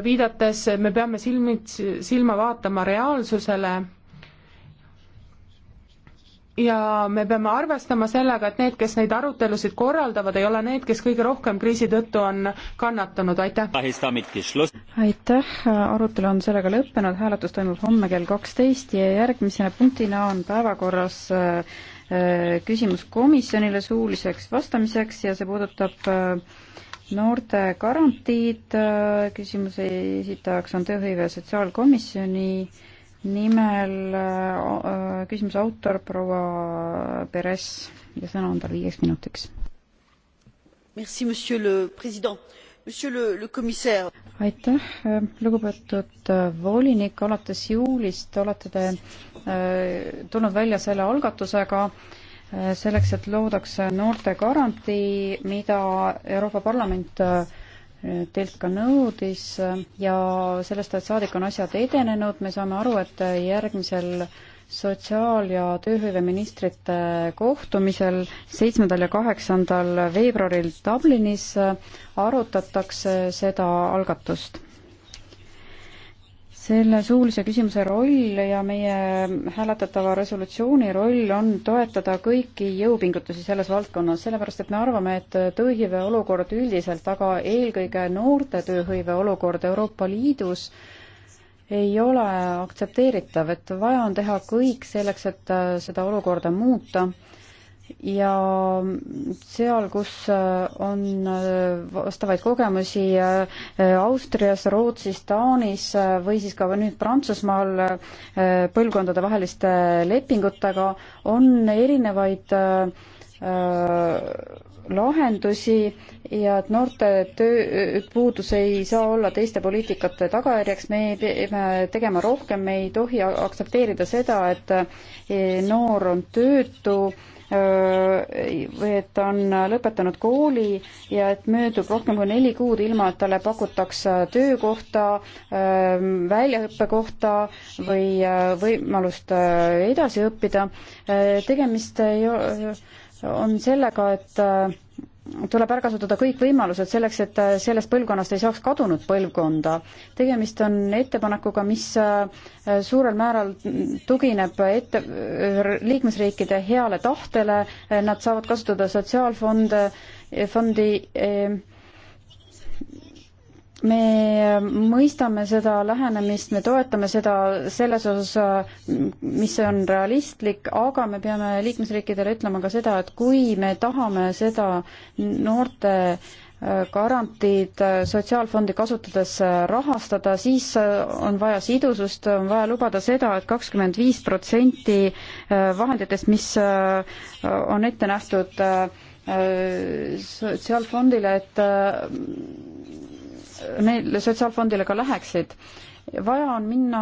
viidates me peame silmits, silma vaatama reaalsusele ja me peame arvestama sellega, et need, kes neid arutelusid korraldavad, ei ole need, kes kõige rohkem kriisi tõttu on kannatanud, aitäh! aitäh, arutelu on sellega lõppenud, hääletus toimub homme kell kaksteist ja järgmise punktina on päevakorras äh, küsimus komisjonile suuliseks vastamiseks ja see puudutab äh, noorte garantiid, äh, küsimuse esitajaks on tööhõive sotsiaalkomisjoni nimel äh, äh, küsimuse autor proua Peres ja sõna on tal viieks minutiks. Merci, monsieur le president. Monsieur le, le commissaire. aitäh, lugupeetud volinik, alates juulist olete te äh, tulnud välja selle algatusega äh, selleks, et loodaks noortegarantii, mida Euroopa Parlament äh, teilt ka nõudis äh, ja sellest ajast saadik on asjad edenenud, me saame aru, et järgmisel sotsiaal- ja tööhõiveministrite kohtumisel seitsmendal ja kaheksandal veebruaril Dublinis äh, arutatakse seda algatust selle suulise küsimuse roll ja meie hääletatava resolutsiooni roll on toetada kõiki jõupingutusi selles valdkonnas, sellepärast et me arvame, et tööhõive olukord üldiselt, aga eelkõige noorte tööhõive olukord Euroopa Liidus ei ole aktsepteeritav, et vaja on teha kõik selleks, et seda olukorda muuta ja seal, kus äh, on äh, vastavaid kogemusi äh, Austrias, Rootsis, Taanis või siis ka nüüd Prantsusmaal põlvkondadevaheliste lepingutega, on erinevaid lahendusi ja et noorte tööpuudus ei saa olla teiste poliitikate tagajärjeks, me peame tegema rohkem, me ei tohi aktsepteerida seda, et noor on töötu et ta on lõpetanud kooli ja et möödub rohkem kui neli kuud, ilma et talle pakutakse töökohta, väljaõppekohta või võimalust edasi õppida. tegemist on sellega, et tuleb ära kasutada kõik võimalused selleks, et äh, sellest põlvkonnast ei saaks kadunud põlvkonda. tegemist on ettepanekuga, mis äh, suurel määral tugineb ette, liikmesriikide heale tahtele, nad saavad kasutada sotsiaalfonde, fondi eh, me mõistame seda lähenemist, me toetame seda selles osas, mis on realistlik, aga me peame liikmesriikidele ütlema ka seda, et kui me tahame seda noorte äh, garantiid äh, sotsiaalfondi kasutades äh, rahastada, siis on vaja sidusust, on vaja lubada seda et, et kakskümmend viis protsenti vahenditest, mis on ette nähtud sotsiaalfondile, et neile sotsiaalfondile ka läheksid. vaja on minna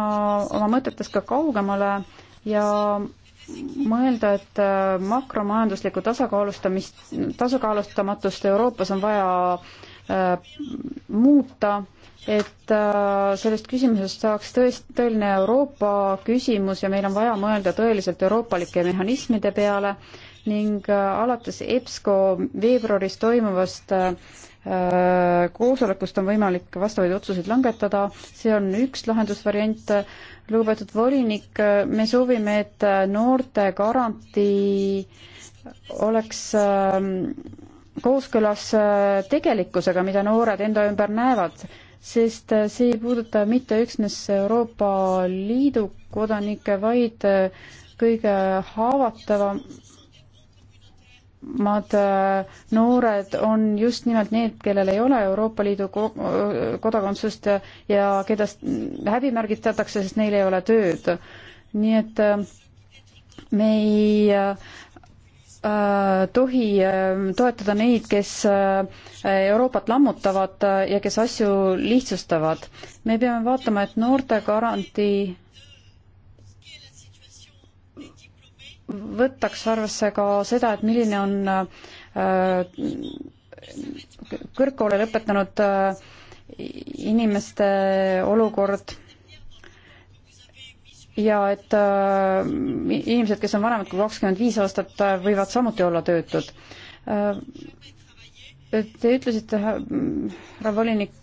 oma mõtetes ka kaugemale ja mõelda, et äh, makromajanduslikku tasakaalustamist, tasakaalustamatust Euroopas on vaja äh, muuta, et äh, sellest küsimusest saaks tõest-, tõeline Euroopa küsimus ja meil on vaja mõelda tõeliselt euroopalike mehhanismide peale ning äh, alates EBSCO veebruaris toimuvast äh, koosolekust on võimalik vastavaid otsuseid langetada, see on üks lahendusvariant. lugupeetud volinik, me soovime, et noorte garantii oleks ähm, kooskõlas äh, tegelikkusega, mida noored enda ümber näevad, sest äh, see ei puuduta mitte üksnes Euroopa Liidu kodanikke, vaid äh, kõige haavatavam, vanemad äh, noored on just nimelt need, kellel ei ole Euroopa Liidu kodakondsust ja keda häbimärgistatakse, sest neil ei ole tööd. nii et äh, me ei äh, tohi toetada neid, kes Euroopat lammutavad ja kes asju lihtsustavad. me peame vaatama, et noorte garantii võtaks arvesse ka seda, et milline on äh, kõrgkooli lõpetanud äh, inimeste olukord ja et äh, inimesed, kes on vanemad kui kakskümmend viis aastat, võivad samuti olla töötud. Te ütlesite, härra volinik,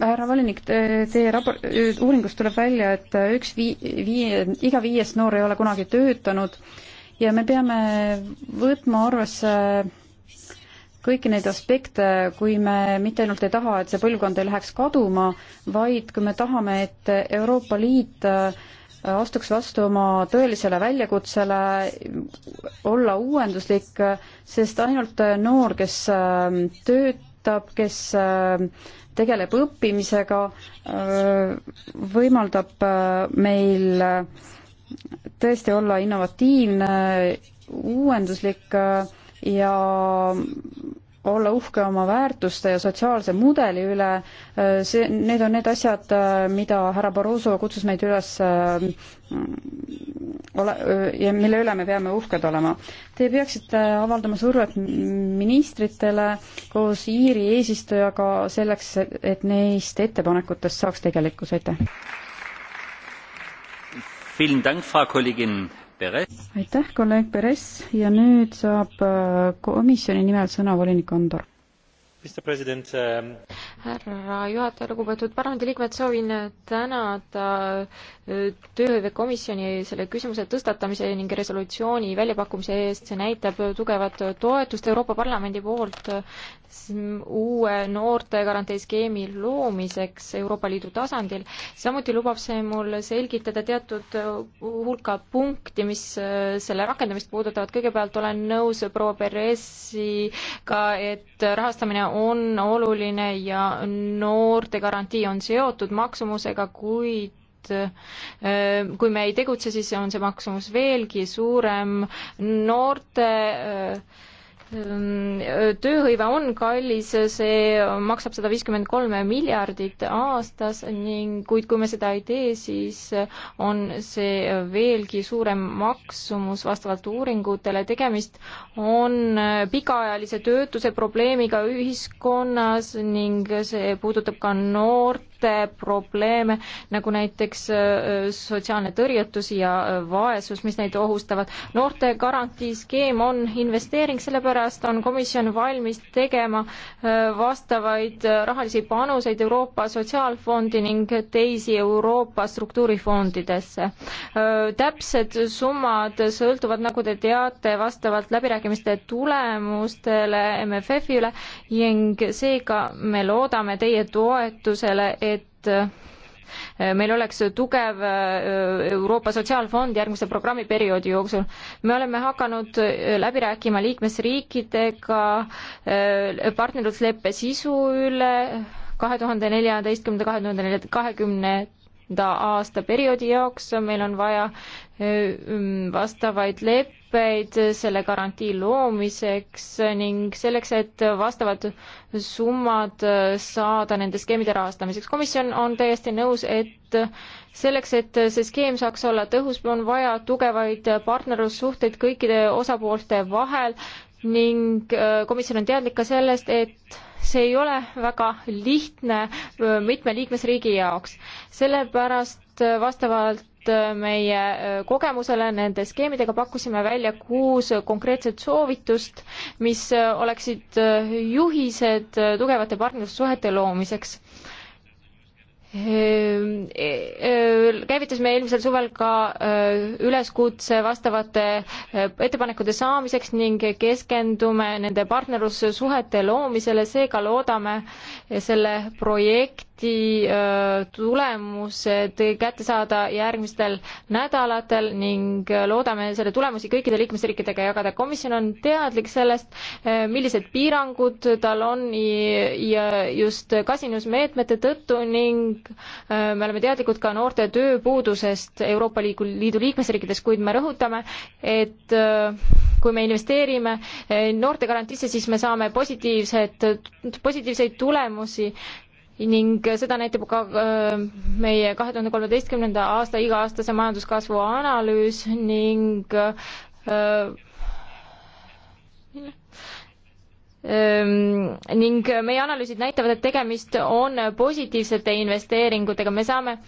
härra volinik, teie rapor-, uuringust tuleb välja, et üks vii-, viie, iga viies noor ei ole kunagi töötanud ja me peame võtma arvesse kõiki neid aspekte, kui me mitte ainult ei taha, et see põlvkond ei läheks kaduma, vaid kui me tahame, et Euroopa Liit äh, astuks vastu oma tõelisele väljakutsele, olla uuenduslik, sest ainult noor, kes äh, töötab, kes äh, tegeleb õppimisega, võimaldab meil tõesti olla innovatiivne, uuenduslik ja olla uhke oma väärtuste ja sotsiaalse mudeli üle, see, need on need asjad, mida härra Barroso kutsus meid üles mm, ole, ja mille üle me peame uhked olema. Te peaksite avaldama survet ministritele koos Iiri eesistujaga selleks, et neist ettepanekutest saaks tegelikkus, aitäh! aitäh, kolleeg Peres ja nüüd saab äh, komisjoni nimel sõna volinik Andor Um, härra juhataja, lugupeetud parlamendiliikmed, soovin tänada äh, tööhõivekomisjoni selle küsimuse tõstatamise ning resolutsiooni väljapakkumise eest, see näitab tugevat toetust Euroopa Parlamendi poolt äh, uue noortegarantiiskeemi loomiseks Euroopa Liidu tasandil. samuti lubab see mul selgitada teatud hulka punkti, mis äh, selle rakendamist puudutavad. kõigepealt olen nõus proua Peresiga, et rahastamine on oluline ja noorte garantii on seotud maksumusega, kuid äh, kui me ei tegutse, siis on see maksumus veelgi suurem. noorte äh, Ehm, tööhõive on kallis, see maksab sada viiskümmend kolme miljardit aastas ning kuid kui me seda ei tee, siis on see veelgi suurem maksumus vastavalt uuringutele. tegemist on pikaajalise töötuse probleemiga ühiskonnas ning see puudutab ka noort probleeme, nagu näiteks äh, sotsiaalne tõrjutus ja äh, vaesus, mis neid ohustavad. noorte garantiiskeem on investeering, sellepärast on komisjon valmis tegema äh, vastavaid rahalisi panuseid Euroopa Sotsiaalfondi ning teisi Euroopa struktuurifondidesse. täpsed summad sõltuvad, nagu te teate, vastavalt läbirääkimiste tulemustele MFF-i üle ning seega me loodame teie toetusele et äh, meil oleks tugev äh, Euroopa Sotsiaalfond järgmise programmiperioodi jooksul. me oleme hakanud äh, läbi rääkima liikmesriikidega partnerlusleppe sisu üle kahe tuhande neljateistkümnenda, kahe tuhande kahekümne kümnenda aasta perioodi jaoks, meil on vaja mm, vastavaid leppeid selle garantii loomiseks ning selleks, et vastavad summad saada nende skeemide rahastamiseks. komisjon on täiesti nõus, et selleks, et see skeem saaks olla tõhus, on vaja tugevaid partnerlussuhteid kõikide osapoolte vahel ning komisjon on teadlik ka sellest, et see ei ole väga lihtne äh, mitme liikmesriigi jaoks. sellepärast äh, vastavalt äh, meie kogemusele nende skeemidega pakkusime välja kuus konkreetset soovitust, mis oleksid juhised tugevate partnerlussuhete loomiseks Ehm, e, e, käivitasime eelmisel suvel ka e, üleskutse vastavate ettepanekute saamiseks ning keskendume nende partnerlussuhete loomisele, seega loodame selle projekti projekti tulemused kätte saada järgmistel nädalatel ning loodame selle tulemusi kõikide liikmesriikidega jagada. komisjon on teadlik sellest, millised piirangud tal on ja just kasinusmeetmete tõttu ning me oleme teadlikud ka noorte tööpuudusest Euroopa Liidu liikmesriikides, kuid me rõhutame, et kui me investeerime noortegarantiisse, siis me saame positiivset, positiivseid tulemusi ning seda näitab ka äh, meie kahe tuhande kolmeteistkümnenda aasta iga-aastase majanduskasvu analüüs ning äh, ähm, ning meie analüüsid näitavad, et tegemist on positiivsete investeeringutega, me saame äh,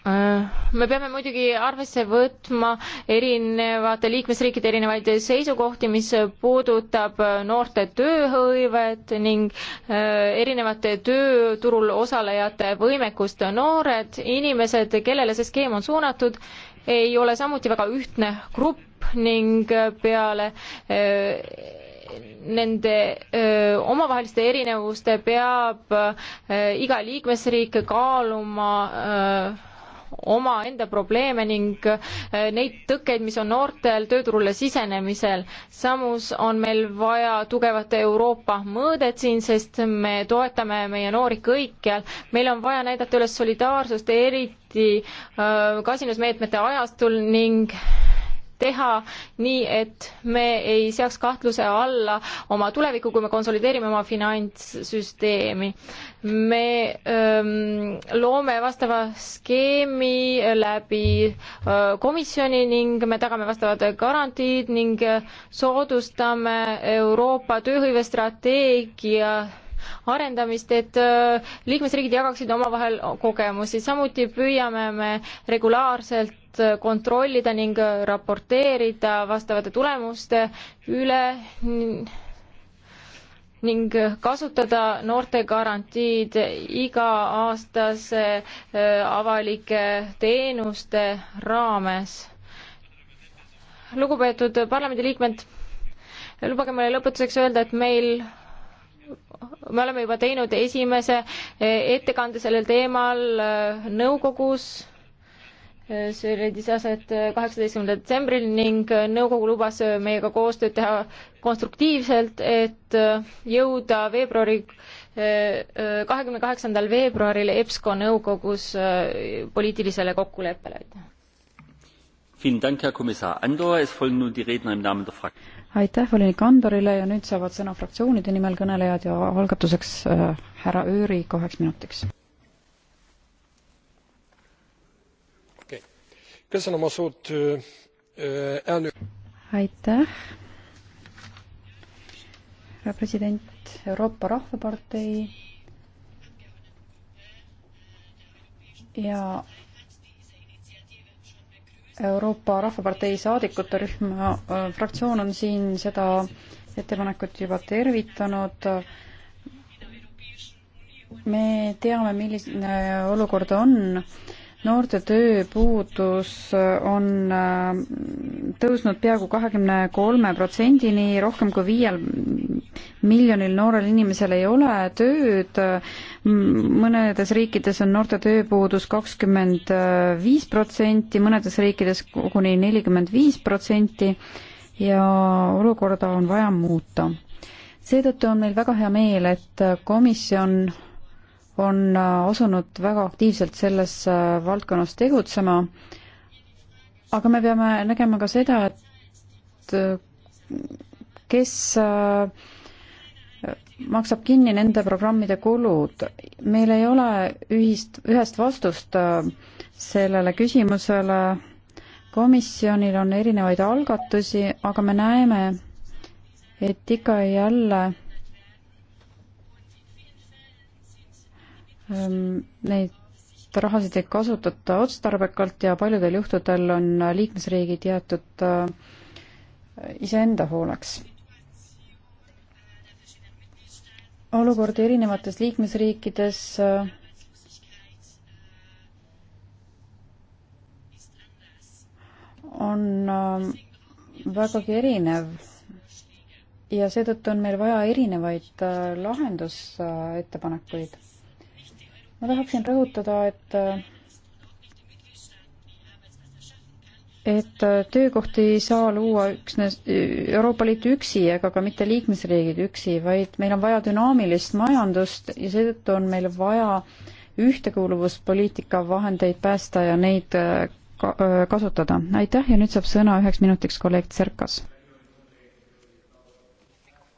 Äh, me peame muidugi arvesse võtma erinevate liikmesriikide erinevaid seisukohti, mis puudutab äh, noorte tööhõivet ning äh, erinevate tööturul osalejate võimekust. noored inimesed, kellele see skeem on suunatud, ei ole samuti väga ühtne grupp ning peale nende öö, omavaheliste erinevuste peab öö, iga liikmesriik kaaluma öö, omaenda probleeme ning äh, neid tõkkeid, mis on noortel tööturule sisenemisel. samus on meil vaja tugevat Euroopa mõõdet siin, sest me toetame meie noori kõikjal. meil on vaja näidata üles solidaarsust, eriti äh, kasinusmeetmete ajastul ning teha, nii et me ei seaks kahtluse alla oma tulevikku, kui me konsolideerime oma finantssüsteemi. me öö, ähm, loome vastava skeemi läbi öö, äh, komisjoni ning me tagame vastavad garantiid ning soodustame Euroopa tööhõivestrateegia arendamist, et äh, liikmesriigid jagaksid omavahel kogemusi, samuti püüame me regulaarselt pidevalt kontrollida ning raporteerida vastavate tulemuste üle ning kasutada noortegarantiid iga-aastase äh, avalike teenuste raames. lugupeetud parlamendiliikmed, lubage mulle lõpetuseks öelda, et meil me oleme juba teinud esimese äh, ettekande sellel teemal äh, nõukogus see leidis aset kaheksateistkümnendal detsembril ning nõukogu lubas meiega koostööd teha konstruktiivselt, et jõuda veebruari, kahekümne kaheksandal veebruaril EBSCO nõukogus poliitilisele kokkuleppele, aitäh. aitäh volinik Andorile ja nüüd saavad sõna fraktsioonide nimel kõnelejad ja algatuseks äh, härra Ööri kaheks minutiks aitäh, härra president, Euroopa Rahvapartei ja Euroopa Rahvapartei saadikute rühm, fraktsioon on siin seda ettepanekut juba tervitanud. me teame, milline olukord on noorte tööpuudus on äh, tõusnud peaaegu kahekümne kolme protsendini, rohkem kui viiel miljonil noorel inimesel ei ole tööd. mõnedes riikides on noorte tööpuudus kakskümmend viis protsenti, mõnedes riikides koguni nelikümmend viis protsenti ja olukorda on vaja muuta. seetõttu on meil väga hea meel, et komisjon on asunud äh, väga aktiivselt selles äh, valdkonnas tegutsema, aga me peame nägema ka seda, et äh, kes maksab kinni nende programmide kulud. meil ei ole ühist, ühest vastust sellele küsimusele. komisjonil on erinevaid algatusi, aga me näeme, et ikka ja jälle Ehm, neid rahasid ei kasutata otstarbekalt ja paljudel juhtudel on liikmesriigid jäetud äh, iseenda hooleks. olukordi erinevates liikmesriikides äh, on äh, vägagi erinev ja seetõttu on meil vaja erinevaid lahendusettepanekuid ma tahaksin rõhutada, et et töökohti ei saa luua üksnes Euroopa Liit üksi ega ka mitte liikmesriigid üksi, vaid meil on vaja dünaamilist majandust ja seetõttu on meil vaja ühtekuuluvuspoliitika vahendeid päästa ja neid äh, äh, kasutada. aitäh ja nüüd saab sõna üheks minutiks kolleeg Tserkas.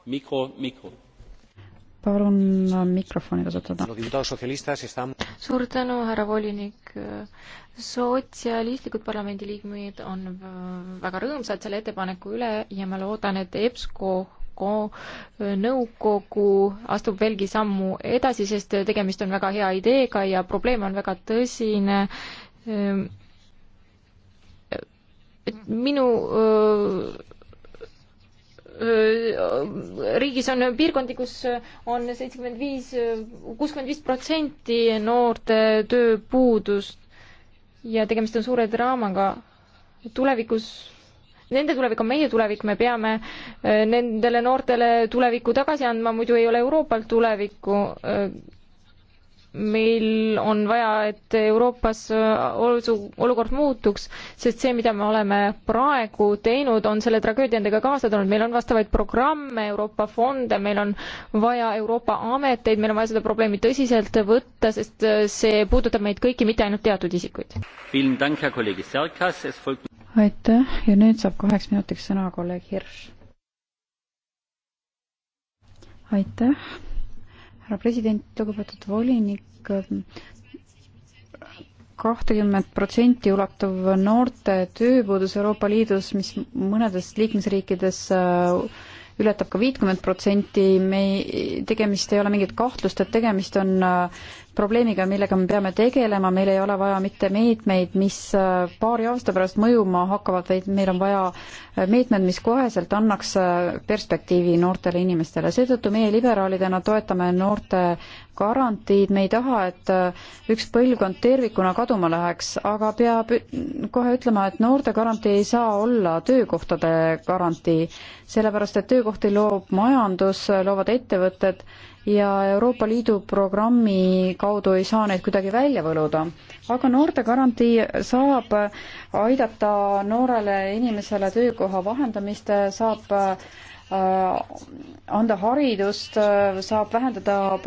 mikro, mikro palun äh, mikrofoni kasutada. suur tänu, härra volinik. sotsialistlikud parlamendiliikmed on väga rõõmsad selle ettepaneku üle ja ma loodan, et EBSCO nõukogu astub veelgi sammu edasi, sest tegemist on väga hea ideega ja probleem on väga tõsine. Ehm, minu öö, riigis on piirkondi, kus on seitsekümmend viis, kuuskümmend viis protsenti noorte tööpuudust ja tegemist on suure draamaga. tulevikus, nende tulevik on meie tulevik, me peame nendele noortele tulevikku tagasi andma, muidu ei ole Euroopal tulevikku meil on vaja, et Euroopas äh, olu-, olukord muutuks, sest see, mida me oleme praegu teinud, on selle tragöödia endaga kaasa tulnud, meil on vastavaid programme, Euroopa fonde, meil on vaja Euroopa ameteid, meil on vaja seda probleemi tõsiselt võtta, sest äh, see puudutab meid kõiki, mitte ainult teatud isikuid. aitäh ja nüüd saab kaheks minutiks sõna kolleeg Hirš. aitäh härra president, lugupeetud volinik, kahtekümmet protsenti ulatuv noorte tööpuudus Euroopa Liidus, mis mõnedes liikmesriikides äh, ületab ka viitkümmet protsenti, me ei, tegemist ei ole mingit kahtlust, et tegemist on äh, probleemiga, millega me peame tegelema, meil ei ole vaja mitte meetmeid, mis äh, paari aasta pärast mõjuma hakkavad, vaid meil on vaja äh, meetmed, mis koheselt annaks äh, perspektiivi noortele inimestele. seetõttu meie liberaalidena toetame noorte garantiid, me ei taha, et üks põlvkond tervikuna kaduma läheks, aga peab kohe ütlema, et noorte garantii ei saa olla töökohtade garantii, sellepärast et töökohti loob majandus, loovad ettevõtted ja Euroopa Liidu programmi kaudu ei saa neid kuidagi välja võluda. aga noortegarantii saab aidata noorele inimesele töökoha vahendamist, saab äh, anda haridust, saab vähendada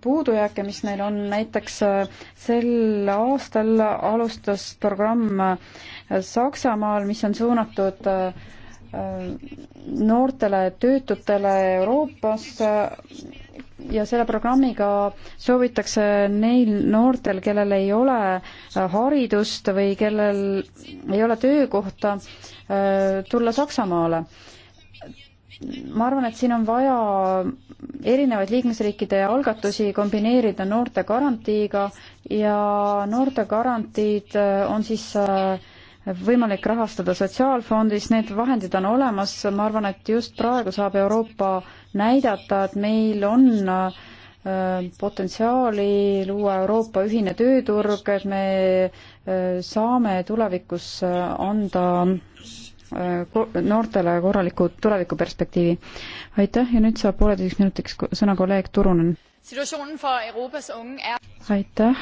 puudujääke, mis neil on, näiteks äh, sel aastal alustas programm äh, Saksamaal, mis on suunatud noortele töötutele Euroopas ja selle programmiga soovitakse neil noortel, kellel ei ole äh, haridust või kellel ei ole töökohta, äh, tulla Saksamaale. ma arvan, et siin on vaja erinevaid liikmesriikide algatusi kombineerida noorte garantiiga ja noorte garantiid äh, on siis äh, võimalik rahastada Sotsiaalfondis, need vahendid on olemas, ma arvan, et just praegu saab Euroopa näidata, et meil on äh, potentsiaali luua Euroopa ühine tööturg, et me äh, saame tulevikus äh, anda noortele korraliku tulevikuperspektiivi. aitäh ja nüüd saab pooleteiseks minutiks sõna kolleeg Turunen. Er- aitäh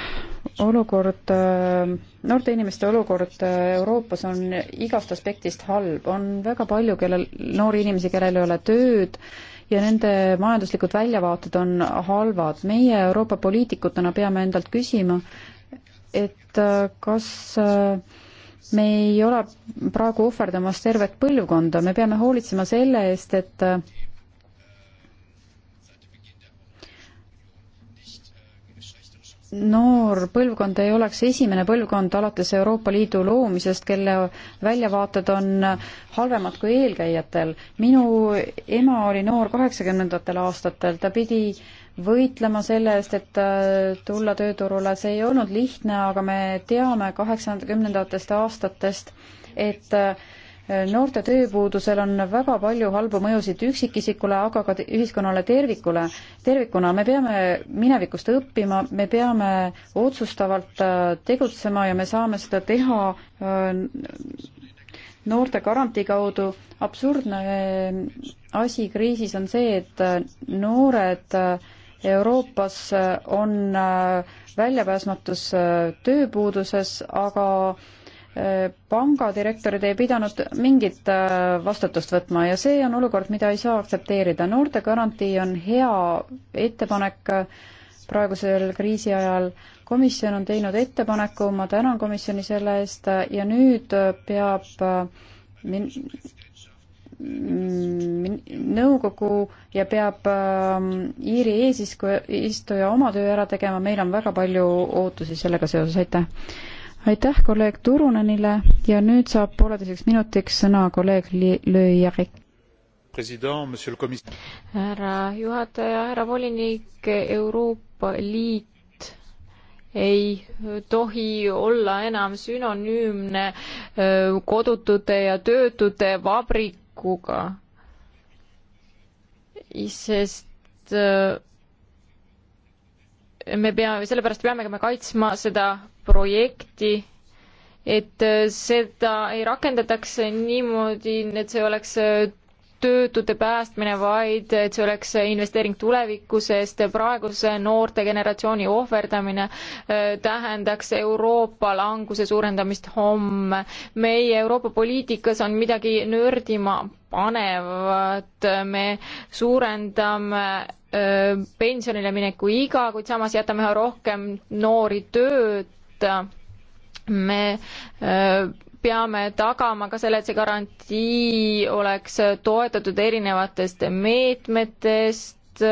olukord, äh, noorte inimeste olukord äh, Euroopas on igast aspektist halb, on väga palju, kellel, noori inimesi, kellel ei ole tööd ja nende majanduslikud väljavaated on halvad. meie Euroopa poliitikutena peame endalt küsima, et äh, kas me ei ole praegu ohverdamas tervet põlvkonda, me peame hoolitsema selle eest, et noor põlvkond ei oleks esimene põlvkond alates Euroopa Liidu loomisest, kelle väljavaated on halvemad kui eelkäijatel. minu ema oli noor kaheksakümnendatel aastatel, ta pidi võitlema selle eest, et äh, tulla tööturule, see ei olnud lihtne, aga me teame kaheksakümnendatest aastatest, et äh, noorte tööpuudusel on väga palju halbu mõjusid üksikisikule, aga ka ühiskonnale tervikule, tervikuna. me peame minevikust õppima, me peame otsustavalt äh, tegutsema ja me saame seda teha äh, noorte garantii kaudu. absurdne äh, asi kriisis on see, et noored Euroopas on väljapääsmatus tööpuuduses, aga pangadirektorid ei pidanud mingit äh, vastutust võtma ja see on olukord, mida ei saa aktsepteerida. noortegarantii on hea ettepanek äh, praegusel kriisi ajal. komisjon on teinud ettepaneku, ma tänan komisjoni selle eest äh, ja nüüd peab min-, nõukogu ja peab Iiri eesistuja oma töö ära tegema, meil on väga palju ootusi sellega seoses, aitäh! aitäh kolleeg Turunenile ja nüüd saab pooleteiseks minutiks sõna kolleeg Le Järvik. härra juhataja, härra volinik, Euroopa Liit ei tohi olla enam sünonüümne kodutute ja töötute vabrikuga, sest me peame, sellepärast peamegi me kaitsma seda projekti, et seda ei rakendataks niimoodi, et see oleks töötute päästmine, vaid et see oleks investeering tulevikku, sest praeguse noorte generatsiooni ohverdamine äh, tähendaks Euroopa languse suurendamist homme. meie Euroopa poliitikas on midagi nördima panevat, me suurendame äh, pensionile mineku iga, kuid samas jätame üha rohkem noori tööta. me öö, äh, peame tagama ka selle, et see garantii oleks toetatud erinevatest meetmetest,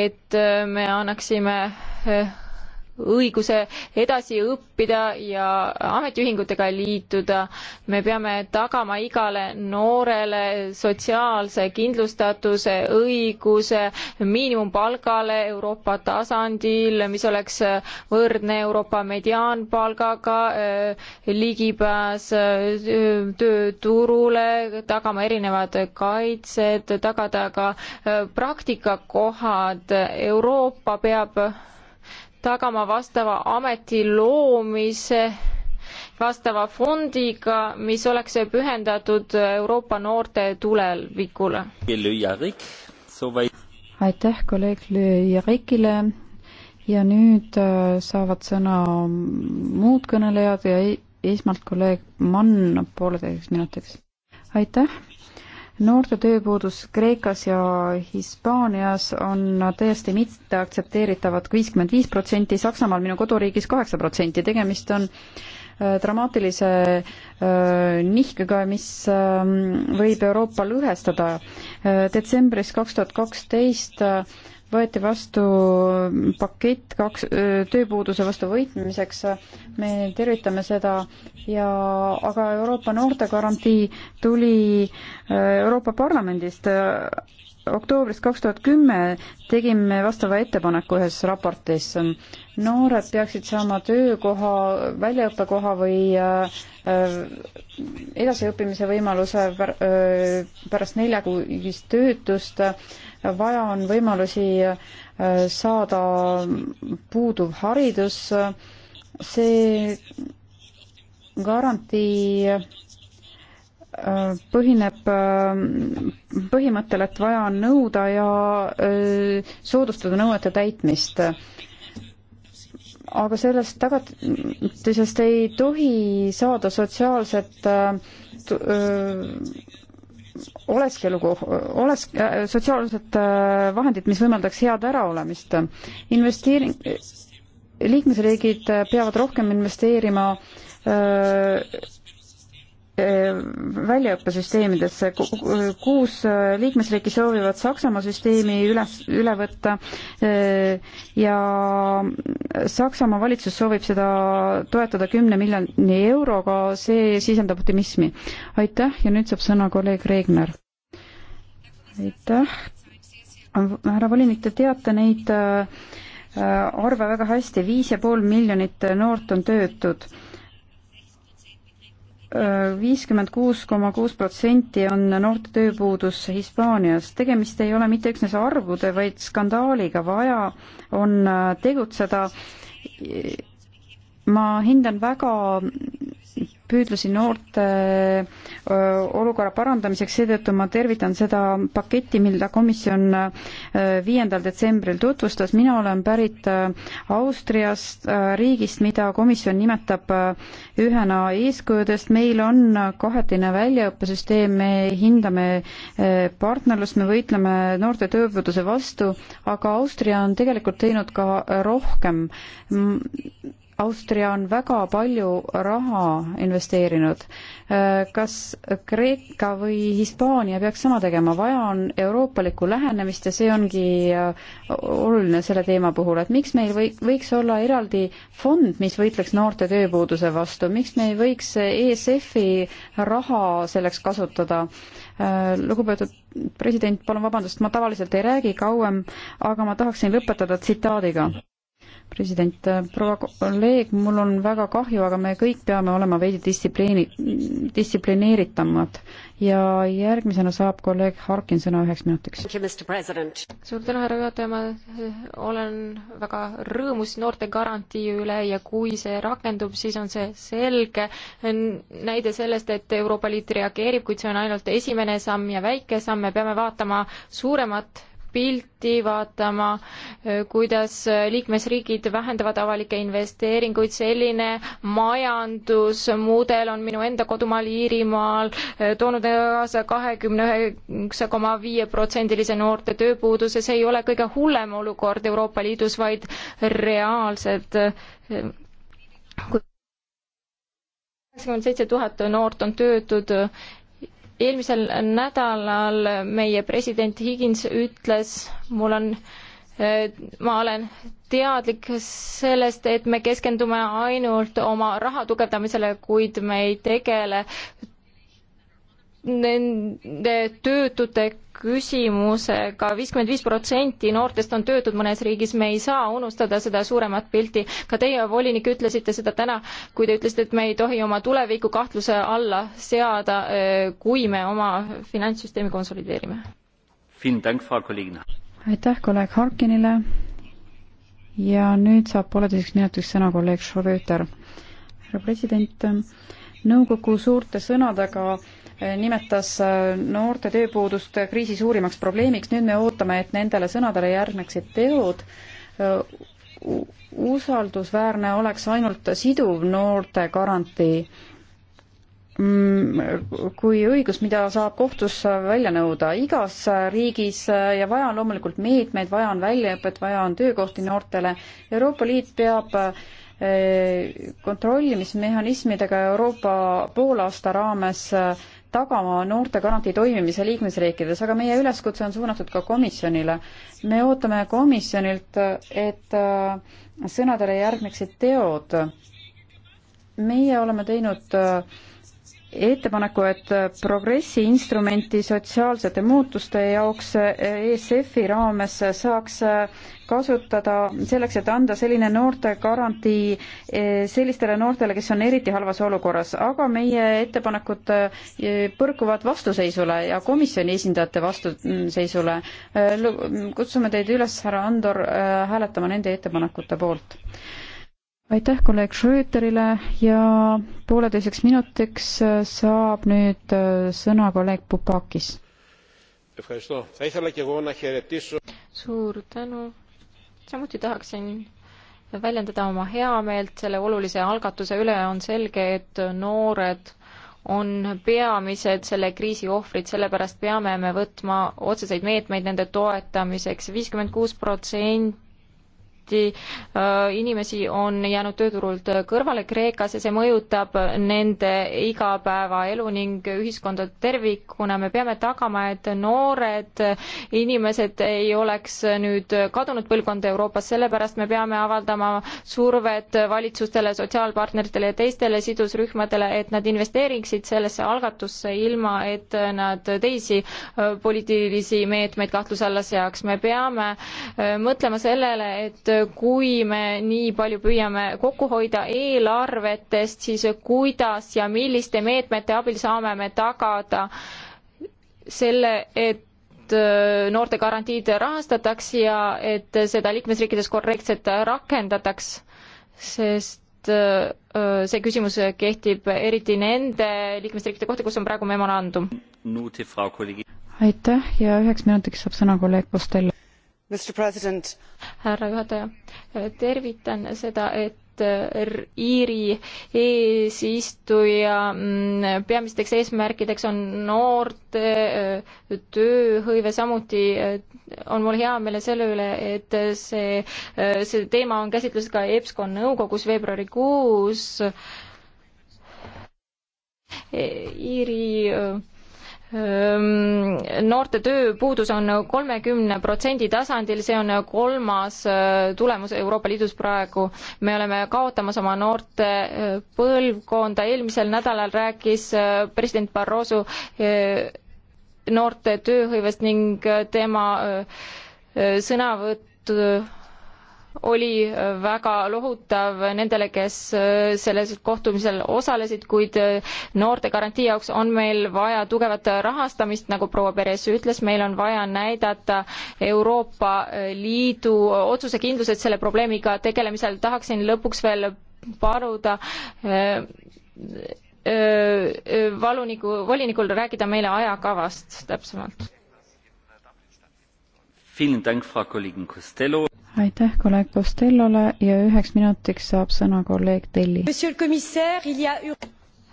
et me annaksime õiguse edasi õppida ja ametiühingutega liituda. me peame tagama igale noorele sotsiaalse kindlustatuse, õiguse miinimumpalgale Euroopa tasandil, mis oleks võrdne Euroopa mediaanpalgaga, äh, ligipääs äh, tööturule, tagama erinevad kaitsed, tagada ka äh, praktikakohad. Euroopa peab tagama vastava ameti loomise vastava fondiga, mis oleks pühendatud Euroopa noorte tulevikule. aitäh kolleeg Jarikile ja nüüd äh, saavad sõna muud kõnelejad ja e-, esmalt kolleeg Mann pooleteiseks minutiks. aitäh noorte tööpuudus Kreekas ja Hispaanias on täiesti mitteaktsepteeritavad, viiskümmend viis protsenti, Saksamaal, minu koduriigis, kaheksa protsenti, tegemist on äh, dramaatilise äh, nihkega, mis ähm, võib Euroopa lõhestada. Äh, detsembris kaks tuhat kaksteist võeti vastu pakett kaks, tööpuuduse vastu võitlemiseks, me tervitame seda ja, aga Euroopa noortegarantii tuli Euroopa Parlamendist oktoobris kaks tuhat kümme tegime vastava ettepaneku ühes raportis. noored peaksid saama töökoha, väljaõppekoha või edasiõppimise võimaluse pärast neljakuist töötust vaja on võimalusi äh, saada puuduv haridus, see garantii äh, põhineb äh, põhimõttel, et vaja on nõuda ja soodustada nõuete täitmist. aga sellest tagatisest ei tohi saada sotsiaalset oleskelukoh-, oles-, äh, sotsiaalsed äh, vahendid, mis võimaldaks head äraolemist. investeering, liikmesriigid äh, peavad rohkem investeerima öö, väljaõppesüsteemidesse. kuus liikmesriiki soovivad Saksamaa süsteemi üles, üle võtta eh, ja Saksamaa valitsus soovib seda toetada kümne miljoni euroga, see sisendab optimismi. aitäh ja nüüd saab sõna kolleeg Regner. aitäh. härra volinik, te teate neid eh, arve väga hästi, viis ja pool miljonit noort on töötud viiskümmend kuus koma kuus protsenti on noorte tööpuudus Hispaanias. tegemist ei ole mitte üksnes arvude, vaid skandaaliga, vaja on äh, tegutseda. ma hindan väga püüdlusi noorte olukorra parandamiseks, seetõttu ma tervitan seda paketti, mida komisjon viiendal detsembril tutvustas. mina olen pärit Austriast, riigist, mida komisjon nimetab ühena eeskujudest. meil on kahetine väljaõppesüsteem, me hindame partnerlust, me võitleme noorte tööpuuduse vastu, aga Austria on tegelikult teinud ka rohkem Austria on väga palju raha investeerinud. Äh, kas Kreeka või Hispaania peaks sama tegema? vaja on euroopalikku lähenemist ja see ongi äh, oluline selle teema puhul, et miks meil või, võiks olla eraldi fond, mis võitleks noorte tööpuuduse vastu, miks me ei võiks ESF-i raha selleks kasutada? Äh, lugupeetud president, palun vabandust, ma tavaliselt ei räägi kauem, aga ma tahaksin lõpetada tsitaadiga president, proua kolleeg, mul on väga kahju, aga me kõik peame olema veidi distsipliini, distsiplineeritumad. ja järgmisena saab kolleeg Harkin sõna üheks minutiks. suur tänu, härra juhataja, ma olen väga rõõmus noorte garantii üle ja kui see rakendub, siis on see selge näide sellest, et Euroopa Liit reageerib, kuid see on ainult esimene samm ja väike samm, me peame vaatama suuremat pilti vaatama, äh, kuidas äh, liikmesriigid vähendavad avalikke investeeringuid, selline majandusmudel on minu enda kodumaal Iirimaal äh, toonud kaasa kahekümne üheksa koma viie protsendilise noorte tööpuuduse, see ei ole kõige hullem olukord Euroopa Liidus, vaid reaalsed kaheksakümmend seitse tuhat noort on töötud eelmisel nädalal meie president Higins ütles, mul on, eh, ma olen teadlik sellest, et me keskendume ainult oma raha tugevdamisele, kuid me ei tegele nende töötute küsimusega, viiskümmend viis protsenti noortest on töötud mõnes riigis, me ei saa unustada seda suuremat pilti. ka teie, volinik, ütlesite seda täna, kui te ütlesite, et me ei tohi oma tulevikku kahtluse alla seada, eh, kui me oma finantssüsteemi konsolideerime. aitäh kolleeg Harkinile ja nüüd saab pooleteiseks minutiks sõna kolleeg Šorjõter. härra president, nõukogu suurte sõnadega nimetas äh, noorte tööpuudust kriisi suurimaks probleemiks, nüüd me ootame, et nendele sõnadele järgneksid teod. Äh, usaldusväärne oleks ainult siduv noorte garantii mm, kui õigus, mida saab kohtus välja nõuda igas riigis äh, ja vaja on loomulikult meetmeid, vaja on väljaõpet, vaja on töökohti noortele. Euroopa Liit peab kontrollimismehhanismidega Euroopa poolaasta raames tagama noortegarantii toimimise liikmesriikides, aga meie üleskutse on suunatud ka komisjonile. me ootame komisjonilt, et äh, sõnadele järgneksid teod. meie oleme teinud äh, ettepaneku, et progressi instrumenti sotsiaalsete muutuste jaoks ESF-i eh, e raames saaks eh, kasutada selleks, et anda selline noorte garantii eh, sellistele noortele, kes on eriti halvas olukorras, aga meie ettepanekud põrkuvad vastuseisule ja komisjoni esindajate vastuseisule. kutsume teid üles, härra Andor, hääletama nende ettepanekute poolt aitäh kolleeg Schröterile ja pooleteiseks minutiks äh, saab nüüd äh, sõna kolleeg Pupakis. suur tänu. samuti tahaksin väljendada oma heameelt selle olulise algatuse üle, on selge, et noored on peamised selle kriisi ohvrid, sellepärast peame me võtma otseseid meetmeid nende toetamiseks. viiskümmend kuus protsenti protsenti äh, inimesi on jäänud tööturult kõrvale Kreekas ja see mõjutab nende igapäevaelu ning ühiskonda tervikuna. me peame tagama, et noored inimesed ei oleks nüüd kadunud põlvkond Euroopas, sellepärast me peame avaldama survet valitsustele, sotsiaalpartneritele ja teistele sidusrühmadele, et nad investeeriksid sellesse algatusse, ilma et nad teisi äh, poliitilisi meetmeid kahtluse alla seaks. me peame äh, mõtlema sellele, et kui me nii palju püüame kokku hoida eelarvetest, siis kuidas ja milliste meetmete abil saame me tagada selle, et äh, noorte garantiid rahastataks ja et seda liikmesriikides korrektselt rakendataks, sest äh, äh, see küsimus kehtib eriti nende liikmesriikide kohta, kus on praegu memorandum. aitäh ja üheks minutiks saab sõna kolleeg Postel härra juhataja, tervitan seda, et äh, Iiri eesistuja mm, peamisteks eesmärkideks on noorte äh, tööhõive, samuti äh, on mul hea meel selle üle, et see, see teema on käsitluses ka EBSCO nõukogus veebruarikuus. Iiri noorte tööpuudus on kolmekümne protsendi tasandil, see on kolmas äh, tulemus Euroopa Liidus praegu. me oleme kaotamas oma noorte äh, põlvkonda, eelmisel nädalal rääkis äh, president Barroso noorte tööhõivest ning tema sõnavõtt oli äh, väga lohutav nendele, kes äh, selles kohtumisel osalesid, kuid äh, noorte garantii jaoks on meil vaja tugevat rahastamist, nagu proua Peres ütles, meil on vaja näidata Euroopa Liidu otsusekindlused selle probleemiga tegelemisel. tahaksin lõpuks veel paluda valuniku, volinikul rääkida meile ajakavast täpsemalt aitäh kolleeg Costellole ja üheks minutiks saab sõna kolleeg Telli.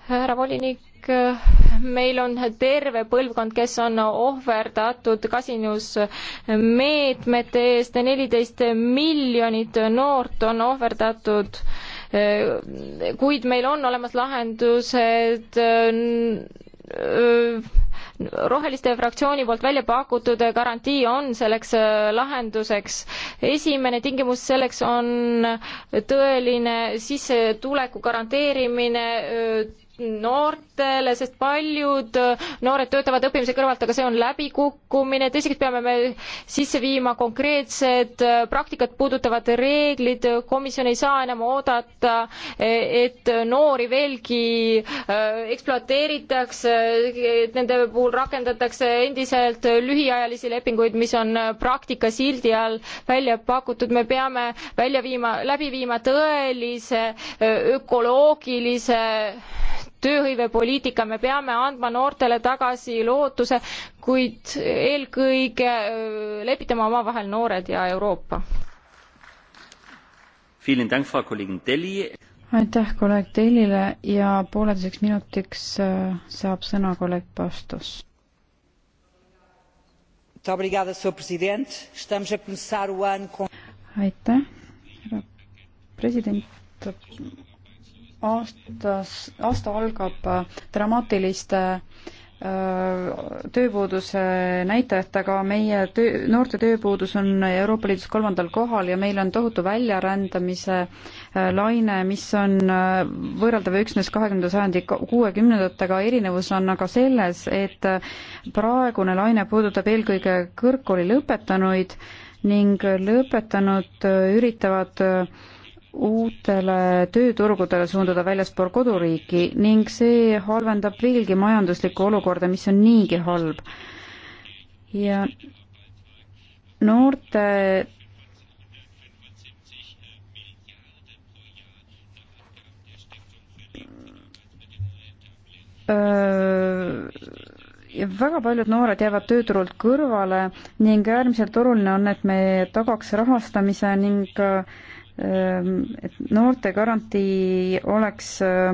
härra volinik, meil on terve põlvkond, kes on ohverdatud kasinusmeetmete eest, neliteist miljonit noort on ohverdatud, kuid meil on olemas lahendused öö, roheliste fraktsiooni poolt välja pakutud garantii on selleks äh, lahenduseks. esimene tingimus selleks on tõeline sissetuleku garanteerimine äh, noortele, sest paljud äh, noored töötavad õppimise kõrvalt, aga see on läbikukkumine, teiseks peame me sisse viima konkreetsed äh, praktikat puudutavad reeglid, komisjon ei saa enam oodata, e, et noori veelgi äh, ekspluateeritakse, et nende puhul rakendatakse endiselt lühiajalisi lepinguid, mis on praktika sildi all välja pakutud, me peame välja viima, läbi viima tõelise ökoloogilise tööhõivepoliitika, me peame andma noortele tagasi lootuse, kuid eelkõige lepitama omavahel noored ja Euroopa. aitäh kolleeg Tellile ja pooleteiseks minutiks saab sõna kolleeg Pastus. aitäh, härra president aastas, aasta algab äh, dramaatiliste äh, tööpuuduse näitajatega, meie töö, noorte tööpuudus on Euroopa Liidus kolmandal kohal ja meil on tohutu väljarändamise äh, laine, mis on võrreldav üksnes kahekümnenda sajandi kuuekümnendatega, erinevus on aga selles, et praegune laine puudutab eelkõige kõrgkooli lõpetanuid ning lõpetanud üritavad uutele tööturgudele suunduda väljaspool koduriiki ning see halvendab veelgi majanduslikku olukorda, mis on niigi halb. ja noorte ja väga paljud noored jäävad tööturult kõrvale ning äärmiselt oluline on, et me tagaks rahastamise ning äh, Ehm, et noorte garantii oleks äh,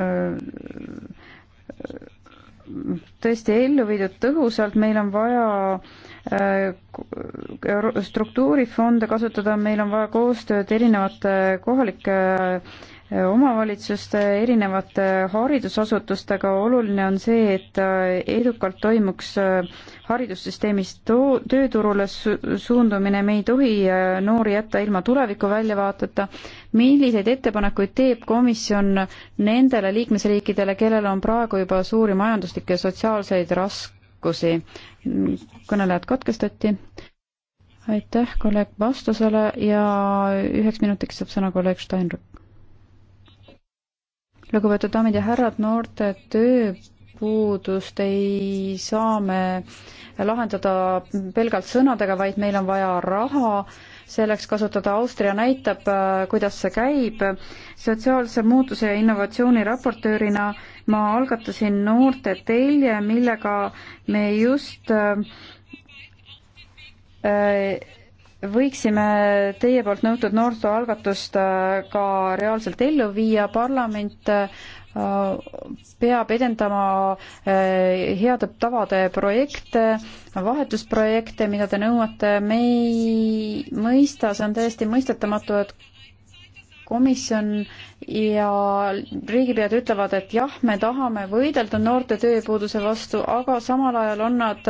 äh, tõesti ellu viidud tõhusalt, meil on vaja äh, struktuurifonde kasutada, meil on vaja koostööd erinevate kohalike omavalitsuste erinevate haridusasutustega, oluline on see, et edukalt toimuks haridussüsteemis too, tööturule su suundumine, me ei tohi äh, noori jätta ilma tuleviku väljavaateta. milliseid ettepanekuid teeb komisjon nendele liikmesriikidele, kellel on praegu juba suuri majanduslikke ja sotsiaalseid raskusi? kõnelejad katkestati aitäh kolleeg vastusele ja üheks minutiks saab sõna kolleeg Steinrupp lugupeetud daamid ja härrad, noorte tööpuudust ei saa me lahendada pelgalt sõnadega, vaid meil on vaja raha selleks kasutada. Austria näitab, äh, kuidas see käib. sotsiaalse muutuse ja innovatsiooni raportöörina ma algatasin noorte telje, millega me just äh, äh võiksime teie poolt nõutud noorsooalgatust äh, ka reaalselt ellu viia, parlament äh, peab edendama äh, heade tavade projekte, vahetusprojekte, mida te nõuate, me ei mõista, see on täiesti mõistetamatu, et komisjon ja riigipead ütlevad, et jah, me tahame võidelda noorte tööpuuduse vastu, aga samal ajal on nad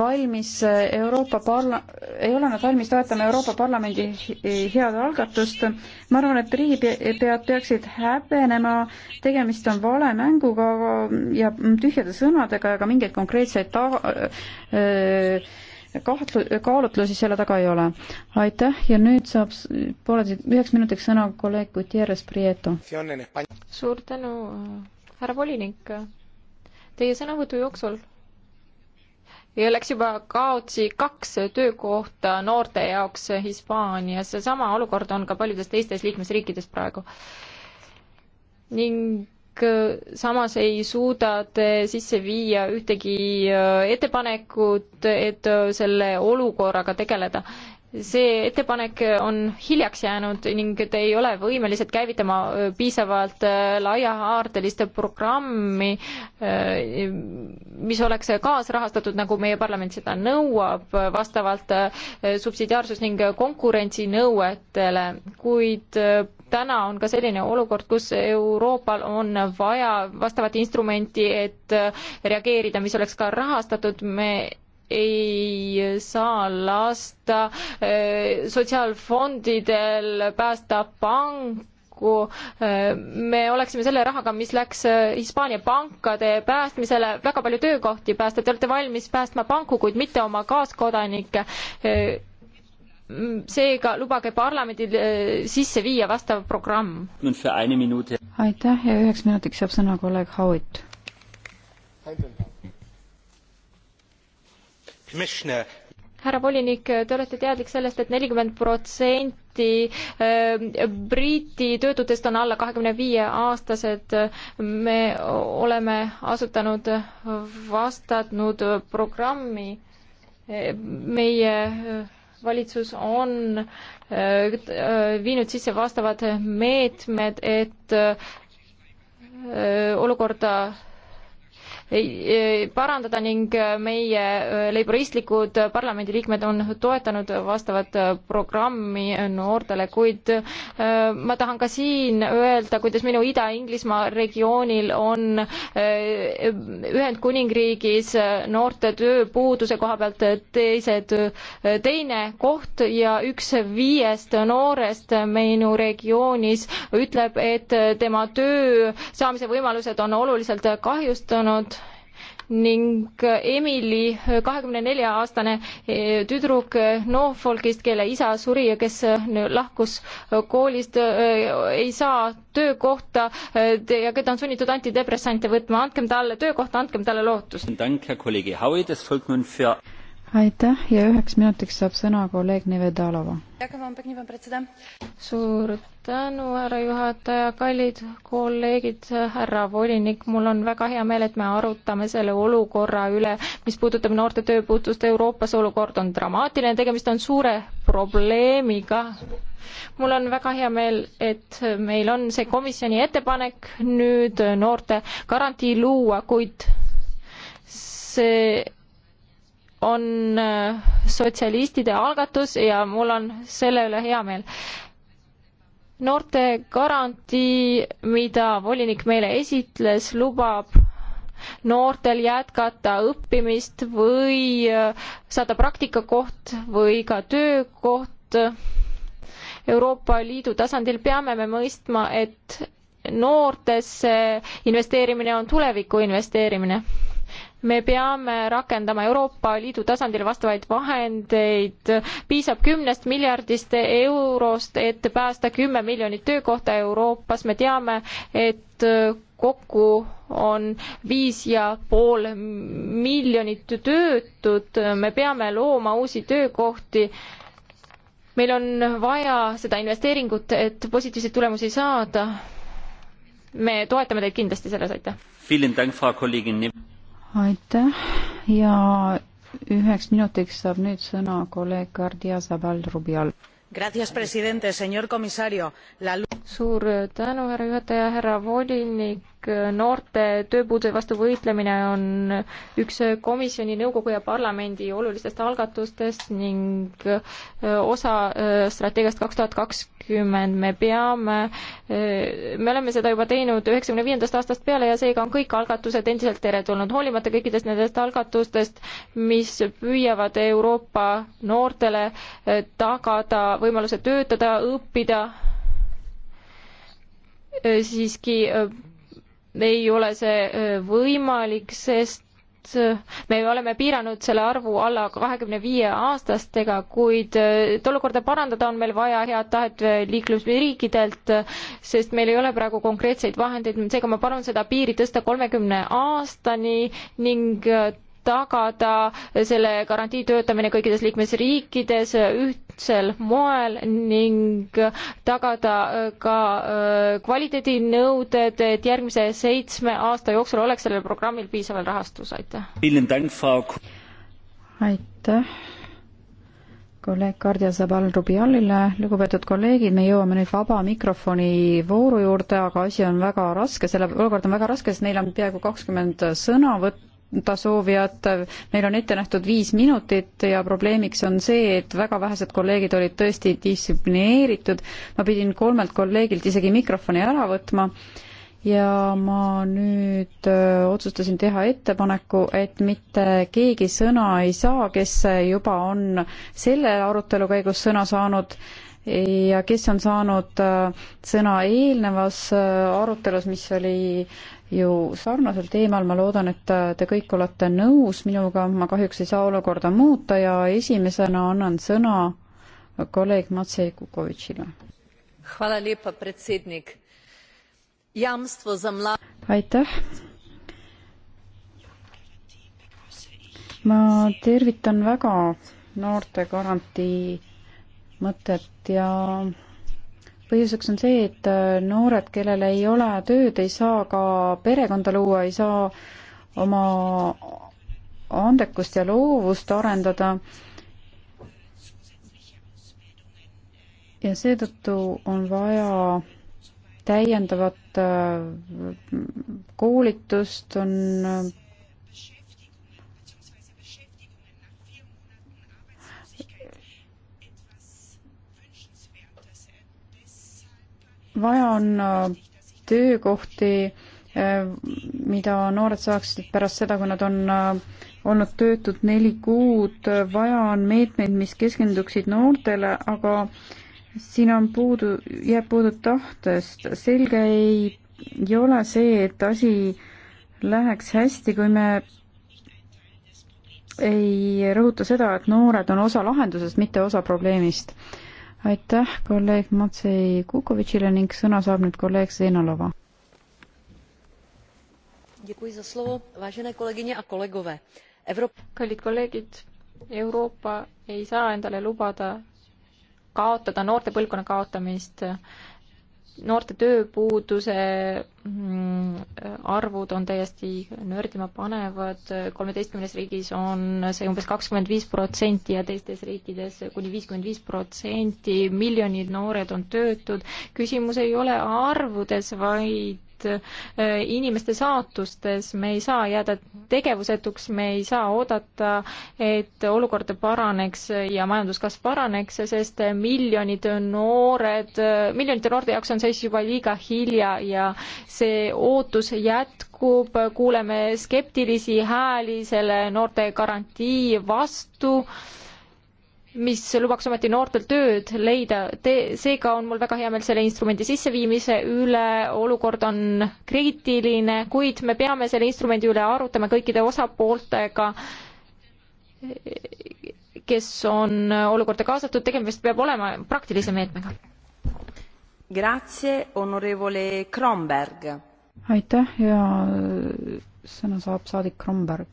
valmis Euroopa parla-, ei ole nad valmis toetama Euroopa Parlamendi head algatust. ma arvan, et riigipead peaksid häbenema, tegemist on vale mänguga ja tühjade sõnadega, aga mingeid konkreetseid ta-, öö, kahtlu-, kaalutlusi selle taga ei ole. aitäh ja nüüd saab pooleteise, üheks minutiks sõna kolleeg Gutierrez Prieto. suur tänu, härra volinik. Teie sõnavõtu jooksul ja läks juba kaotsi kaks töökohta noorte jaoks Hispaanias, seesama olukord on ka paljudes teistes liikmesriikides praegu. ning Äh, samas ei suuda te sisse viia ühtegi äh, ettepanekut, et äh, selle olukorraga tegeleda. see ettepanek on hiljaks jäänud ning te ei ole võimelised käivitama piisavalt laiahaardelist programmi, mis oleks kaasrahastatud, nagu meie parlament seda nõuab, vastavalt subsidiaarsus- ning konkurentsinõuetele, kuid täna on ka selline olukord, kus Euroopal on vaja vastavat instrumenti, et äh, reageerida, mis oleks ka rahastatud, me ei saa lasta äh, sotsiaalfondidel päästa pank, kokku, äh, me oleksime selle rahaga, mis läks Hispaania pankade päästmisele, väga palju töökohti päästa, te olete valmis päästma panku, kuid mitte oma kaaskodanikke Mm, seega lubage parlamendil äh, sisse viia vastav programm. aitäh ja üheks minutiks saab sõna kolleeg Howitt. härra volinik, te olete teadlik sellest et, et nelikümmend protsenti äh, Briti töötutest on alla kahekümne viie aastased. me oleme asutanud, vastanud programmi äh, meie valitsus on äh, äh, viinud sisse vastavad meetmed, et äh, olukorda parandada ning meie äh, leiboristlikud parlamendiliikmed on toetanud vastavat äh, programmi noortele, kuid äh, ma tahan ka siin öelda, kuidas minu Ida-Inglismaa regioonil on Ühendkuningriigis noorte tööpuuduse koha pealt teised, teine koht ja üks viiest noorest minu regioonis ütleb, et tema töö saamise võimalused on oluliselt kahjustunud ning Emily, kahekümne nelja aastane eh, tüdruk eh, Norfolkist, kelle isa suri ja kes eh, lahkus koolist, ei saa töökohta ja keda on sunnitud antidepressante võtma. andkem talle töökohta, andkem talle lootust aitäh ja üheks minutiks saab sõna kolleeg Nevedalova. suur tänu, härra juhataja, kallid kolleegid, härra volinik, mul on väga hea meel, et me arutame selle olukorra üle, mis puudutab noorte tööpuudust Euroopas, olukord on dramaatiline, tegemist on suure probleemiga mul on väga hea meel, et meil on see komisjoni ettepanek nüüd noorte garantii luua, kuid see on äh, sotsialistide algatus ja mul on selle üle hea meel. noorte garantii, mida volinik meile esitles, lubab noortel jätkata õppimist või äh, saada praktikakoht või ka töökoht. Euroopa Liidu tasandil peame me mõistma, et noortesse investeerimine on tuleviku investeerimine me peame rakendama Euroopa Liidu tasandil vastavaid vahendeid, piisab kümnest miljardist eurost, et päästa kümme miljonit töökohta Euroopas, me teame, et kokku on viis ja pool miljonit töötut, me peame looma uusi töökohti meil on vaja seda investeeringut, et positiivseid tulemusi saada. me toetame teid kindlasti selles, aitäh aitäh ja üheks minutiks saab nüüd sõna kolleeg Gardia Zabal-Rubial. suur tänu, härra juhataja, härra volinik noorte tööpuuduse vastu võitlemine on üks komisjoni, nõukogu ja parlamendi olulistest algatustest ning osa strateegiast kaks tuhat kakskümmend me peame, me oleme seda juba teinud üheksakümne viiendast aastast peale ja seega on kõik algatused endiselt teretulnud, hoolimata kõikidest nendest algatustest, mis püüavad Euroopa noortele tagada võimaluse töötada, õppida, siiski ei ole see äh, võimalik, sest äh, me oleme piiranud selle arvu alla kahekümne viie aastastega, kuid äh, et olukorda parandada, on meil vaja head tahet liiklusriikidelt, sest meil ei ole praegu konkreetseid vahendeid, seega ma palun seda piiri tõsta kolmekümne aastani ning tagada selle garantii töötamine kõikides liikmesriikides ühtsel moel ning tagada äh, ka äh, kvaliteedinõuded, et järgmise seitsme aasta jooksul oleks sellel programmil piisaval rahastus, aitäh. aitäh kolleeg Kardia Zabal Rubialile. lugupeetud kolleegid, me jõuame nüüd vaba mikrofoni vooru juurde, aga asi on väga raske, selle olukord on väga raske, sest meil on peaaegu kakskümmend sõnavõttu ta soovijat. meil on ette nähtud viis minutit ja probleemiks on see, et väga vähesed kolleegid olid tõesti distsiplineeritud. ma pidin kolmelt kolleegilt isegi mikrofoni ära võtma ja ma nüüd äh, otsustasin teha ettepaneku, et mitte keegi sõna ei saa, kes juba on selle arutelu käigus sõna saanud ja kes on saanud äh, sõna eelnevas äh, arutelus, mis oli ju sarnasel teemal, ma loodan, et te kõik olete nõus minuga, ma kahjuks ei saa olukorda muuta ja esimesena annan sõna kolleeg Matsei Kukovitšile. aitäh. ma tervitan väga noorte garantii mõtet ja põhjuseks on see, et äh, noored, kellel ei ole tööd, ei saa ka perekonda luua, ei saa oma andekust ja loovust arendada. ja seetõttu on vaja täiendavat äh, koolitust, on äh, vaja on äh, töökohti, äh, mida noored saaksid pärast seda, kui nad on äh, olnud töötud neli kuud, vaja on meetmeid, mis keskenduksid noortele, aga siin on puudu, jääb puudu tahtest. selge ei, ei ole see, et asi läheks hästi, kui me ei rõhuta seda, et noored on osa lahendusest, mitte osa probleemist aitäh kolleeg Matsei Kukovitšile ning sõna saab nüüd kolleeg Seinalova. kallid kolleegid, Euroopa ei saa endale lubada kaotada noorte põlvkonna kaotamist, noorte tööpuuduse Mm, arvud on täiesti nördima panevad, kolmeteistkümnes riigis on see umbes kakskümmend viis protsenti ja teistes riikides kuni viiskümmend viis protsenti, miljonid noored on töötud, küsimus ei ole arvudes, vaid eh, inimeste saatustes, me ei saa jääda tegevusetuks, me ei saa oodata, et olukord paraneks ja majanduskasv paraneks, sest miljonid noored, eh, miljonite noorte jaoks on see siis juba liiga hilja ja see ootus jätkub, kuuleme skeptilisi hääli selle noorte garantii vastu, mis lubaks ometi noortel tööd leida. Te-, seega on mul väga hea meel selle instrumendi sisseviimise üle, olukord on kriitiline, kuid me peame selle instrumendi üle arutama kõikide osapooltega, kes on olukorda kaasatud, tegemist peab olema praktilise meetmega Grazie, honorevole Kromberg. aitäh ja sõna saab saadik Kromberg.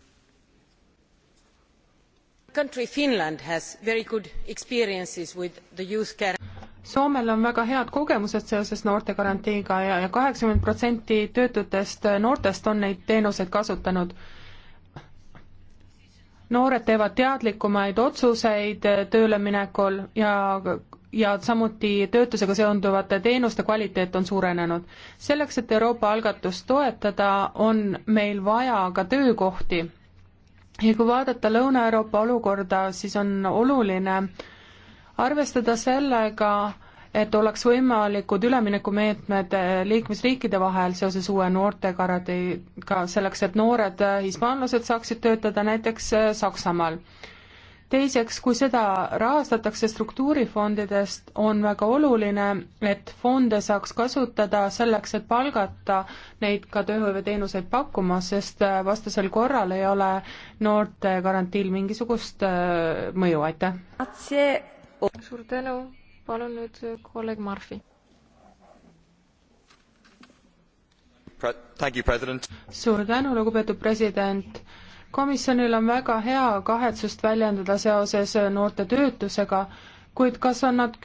Country Finland has very good experiences with the youth guarantee. Soomel on väga head kogemused seoses noortegarantiiga ja, ja kaheksakümmend protsenti töötutest noortest on neid teenuseid kasutanud. noored teevad teadlikumaid otsuseid tööle minekul ja ja samuti töötusega seonduvate teenuste kvaliteet on suurenenud. selleks, et Euroopa algatust toetada, on meil vaja ka töökohti. ja kui vaadata Lõuna-Euroopa olukorda, siis on oluline arvestada sellega, et oleks võimalikud üleminekumeetmed liikmesriikide vahel seoses uue noortekaradiga, selleks et noored hispaanlased saaksid töötada näiteks Saksamaal teiseks, kui seda rahastatakse struktuurifondidest, on väga oluline, et fonde saaks kasutada selleks, et palgata neid ka tööhõiveteenuseid pakkuma, sest äh, vastasel korral ei ole noorte garantiil mingisugust äh, mõju, aitäh. suur tänu, palun nüüd kolleeg Marfi. suur tänu, lugupeetud president komisjonil on väga hea kahetsust väljendada seoses noorte töötusega, kuid kas on nad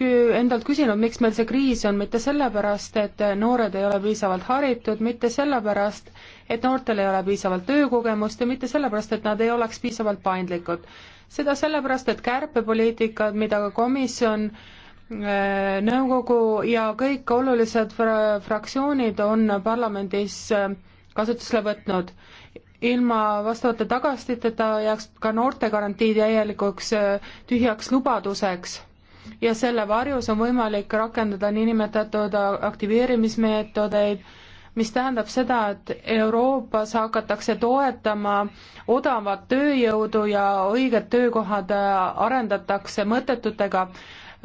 endalt küsinud, miks meil see kriis on, mitte sellepärast, et noored ei ole piisavalt haritud, mitte sellepärast, et noortel ei ole piisavalt töökogemust ja mitte sellepärast, et nad ei oleks piisavalt paindlikud. seda sellepärast, et kärpepoliitikad, mida ka komisjon äh, nõukogu ja kõik olulised fra fraktsioonid on parlamendis äh, kasutusele võtnud ilma vastavate tagastiteta jääks ka noortegarantii täielikuks äh, tühjaks lubaduseks ja selle varjus on võimalik rakendada niinimetatud aktiveerimismeetodeid, mis tähendab seda, et Euroopas hakatakse toetama odavat tööjõudu ja õiged töökohad äh, arendatakse mõttetutega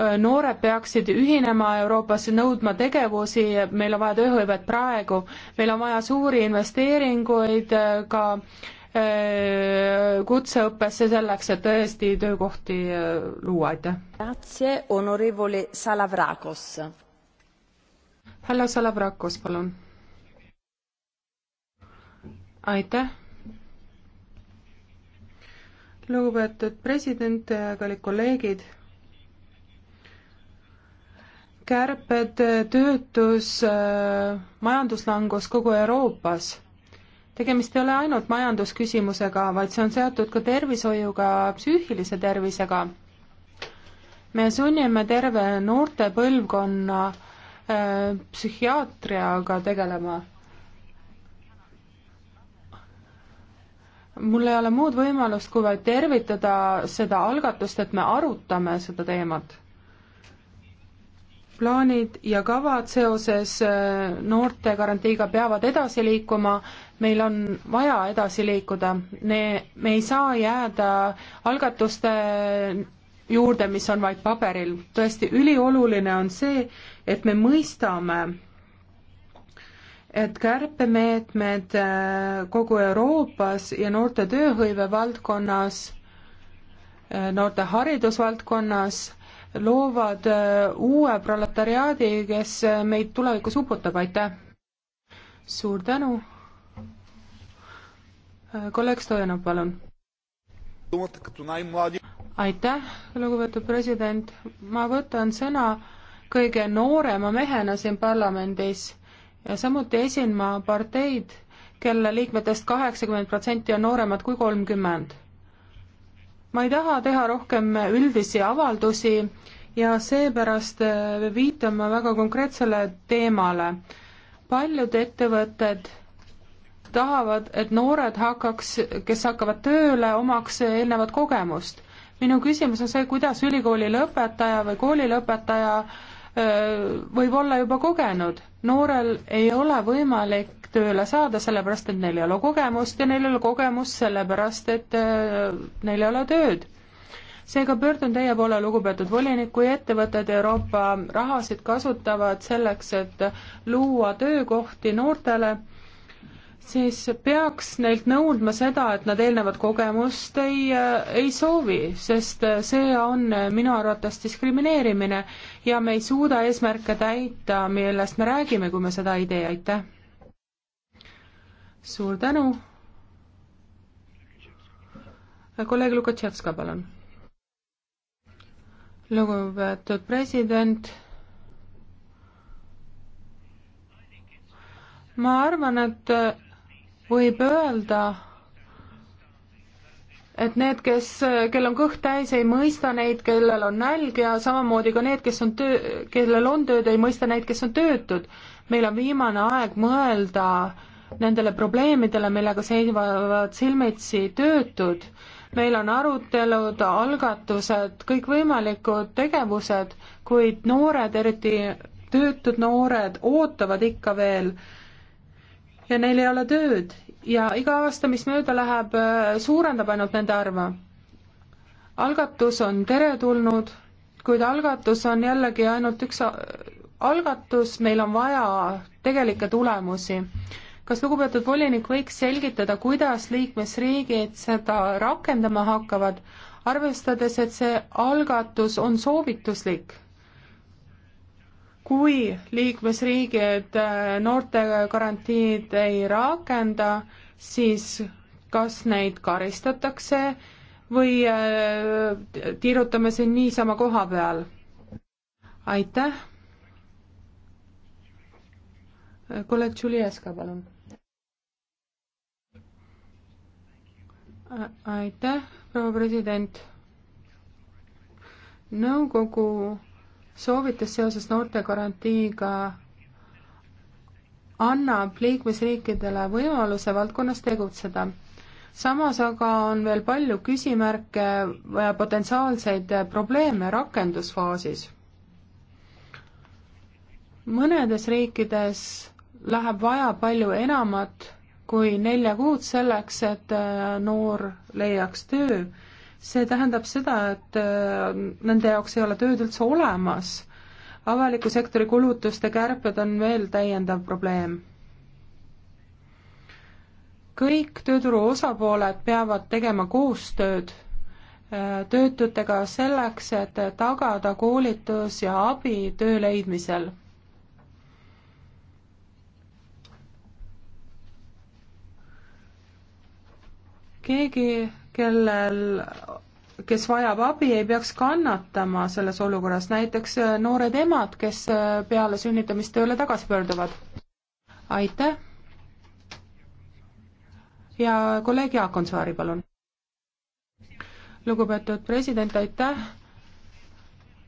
Äh, noored peaksid ühinema Euroopas, nõudma tegevusi, meil on vaja tööhõivet praegu, meil on vaja suuri investeeringuid äh, ka äh, kutseõppesse selleks, et tõesti töökohti luua, aitäh. härra Salavrakos, palun. aitäh. lugupeetud president, kallid kolleegid kärped, töötus, äh, majanduslangus kogu Euroopas. tegemist ei ole ainult majandusküsimusega, vaid see on seotud ka tervishoiuga, psüühilise tervisega. me sunnime terve noorte põlvkonna äh, psühhiaatriaga tegelema mul ei ole muud võimalust, kui vaid tervitada seda algatust, et me arutame seda teemat tegevusplaanid ja kavad seoses äh, noorte garantiiga peavad edasi liikuma, meil on vaja edasi liikuda, me, me ei saa jääda algatuste juurde, mis on vaid paberil. tõesti, ülioluline on see, et me mõistame, et kärpemeetmed äh, kogu Euroopas ja noorte tööhõive valdkonnas, äh, noorte haridusvaldkonnas loovad äh, uue proletariaadi, kes äh, meid tulevikus uputab, aitäh! suur tänu! Äh, kolleeg Stojanov, palun! aitäh, lugupeetud president, ma võtan sõna kõige noorema mehena siin parlamendis ja samuti esin ma parteid, kelle liikmetest kaheksakümmend protsenti on nooremad kui kolmkümmend ma ei taha teha rohkem üldisi avaldusi ja seepärast äh, viitan ma väga konkreetsele teemale. paljud ettevõtted tahavad, et noored hakkaks, kes hakkavad tööle, omaks eelnevat kogemust. minu küsimus on see, kuidas ülikooli lõpetaja või kooli lõpetaja äh, võib olla juba kogenud. noorel ei ole võimalik tööle saada, sellepärast et neil ei ole kogemust ja neil ei ole kogemust sellepärast, et äh, neil ei ole tööd. seega pöördun teie poole, lugupeetud volinik, kui ettevõtted Euroopa rahasid kasutavad selleks, et luua töökohti noortele, siis peaks neilt nõudma seda, et nad eelnevat kogemust ei, äh, ei soovi, sest äh, see on minu arvates diskrimineerimine ja me ei suuda eesmärke täita, millest me räägime, kui me seda ei tee, aitäh suur tänu. kolleeg Lukatševska, palun. lugupeetud president. ma arvan, et võib öelda, et need, kes, kel on kõht täis, ei mõista neid, kellel on nälg ja samamoodi ka need, kes on töö, kellel on tööd, ei mõista neid, kes on töötud. meil on viimane aeg mõelda äh, nendele probleemidele, millega seisavad silmitsi töötud. meil on arutelud, algatused, kõikvõimalikud tegevused, kuid noored, eriti töötud noored, ootavad ikka veel ja neil ei ole tööd ja iga aasta, mis mööda läheb, suurendab ainult nende arve. algatus on teretulnud, kuid algatus on jällegi ainult üks algatus, meil on vaja tegelikke tulemusi kas lugupeetud volinik võiks selgitada, kuidas liikmesriigid seda rakendama hakkavad, arvestades, et see algatus on soovituslik? kui liikmesriigid äh, noorte garantiid ei rakenda, siis kas neid karistatakse või äh, tiirutame siin niisama koha peal? aitäh kolleeg Tšuljeska, palun. aitäh, proua president. nõukogu soovitas seoses noortegarantiiga annab liikmesriikidele võimaluse valdkonnas tegutseda. samas aga on veel palju küsimärke ja potentsiaalseid probleeme rakendusfaasis. mõnedes riikides läheb vaja palju enamat kui nelja kuud selleks, et äh, noor leiaks töö. see tähendab seda, et äh, nende jaoks ei ole tööd üldse olemas. avaliku sektori kulutuste kärped on veel täiendav probleem. kõik tööturu osapooled peavad tegema koostööd äh, töötutega selleks, et tagada koolitus ja abi töö leidmisel keegi, kellel, kes vajab abi, ei peaks kannatama selles olukorras, näiteks äh, noored emad, kes äh, peale sünnitamist tööle tagasi pöörduvad. aitäh! ja kolleeg Jaak Onsaari, palun! lugupeetud president, aitäh!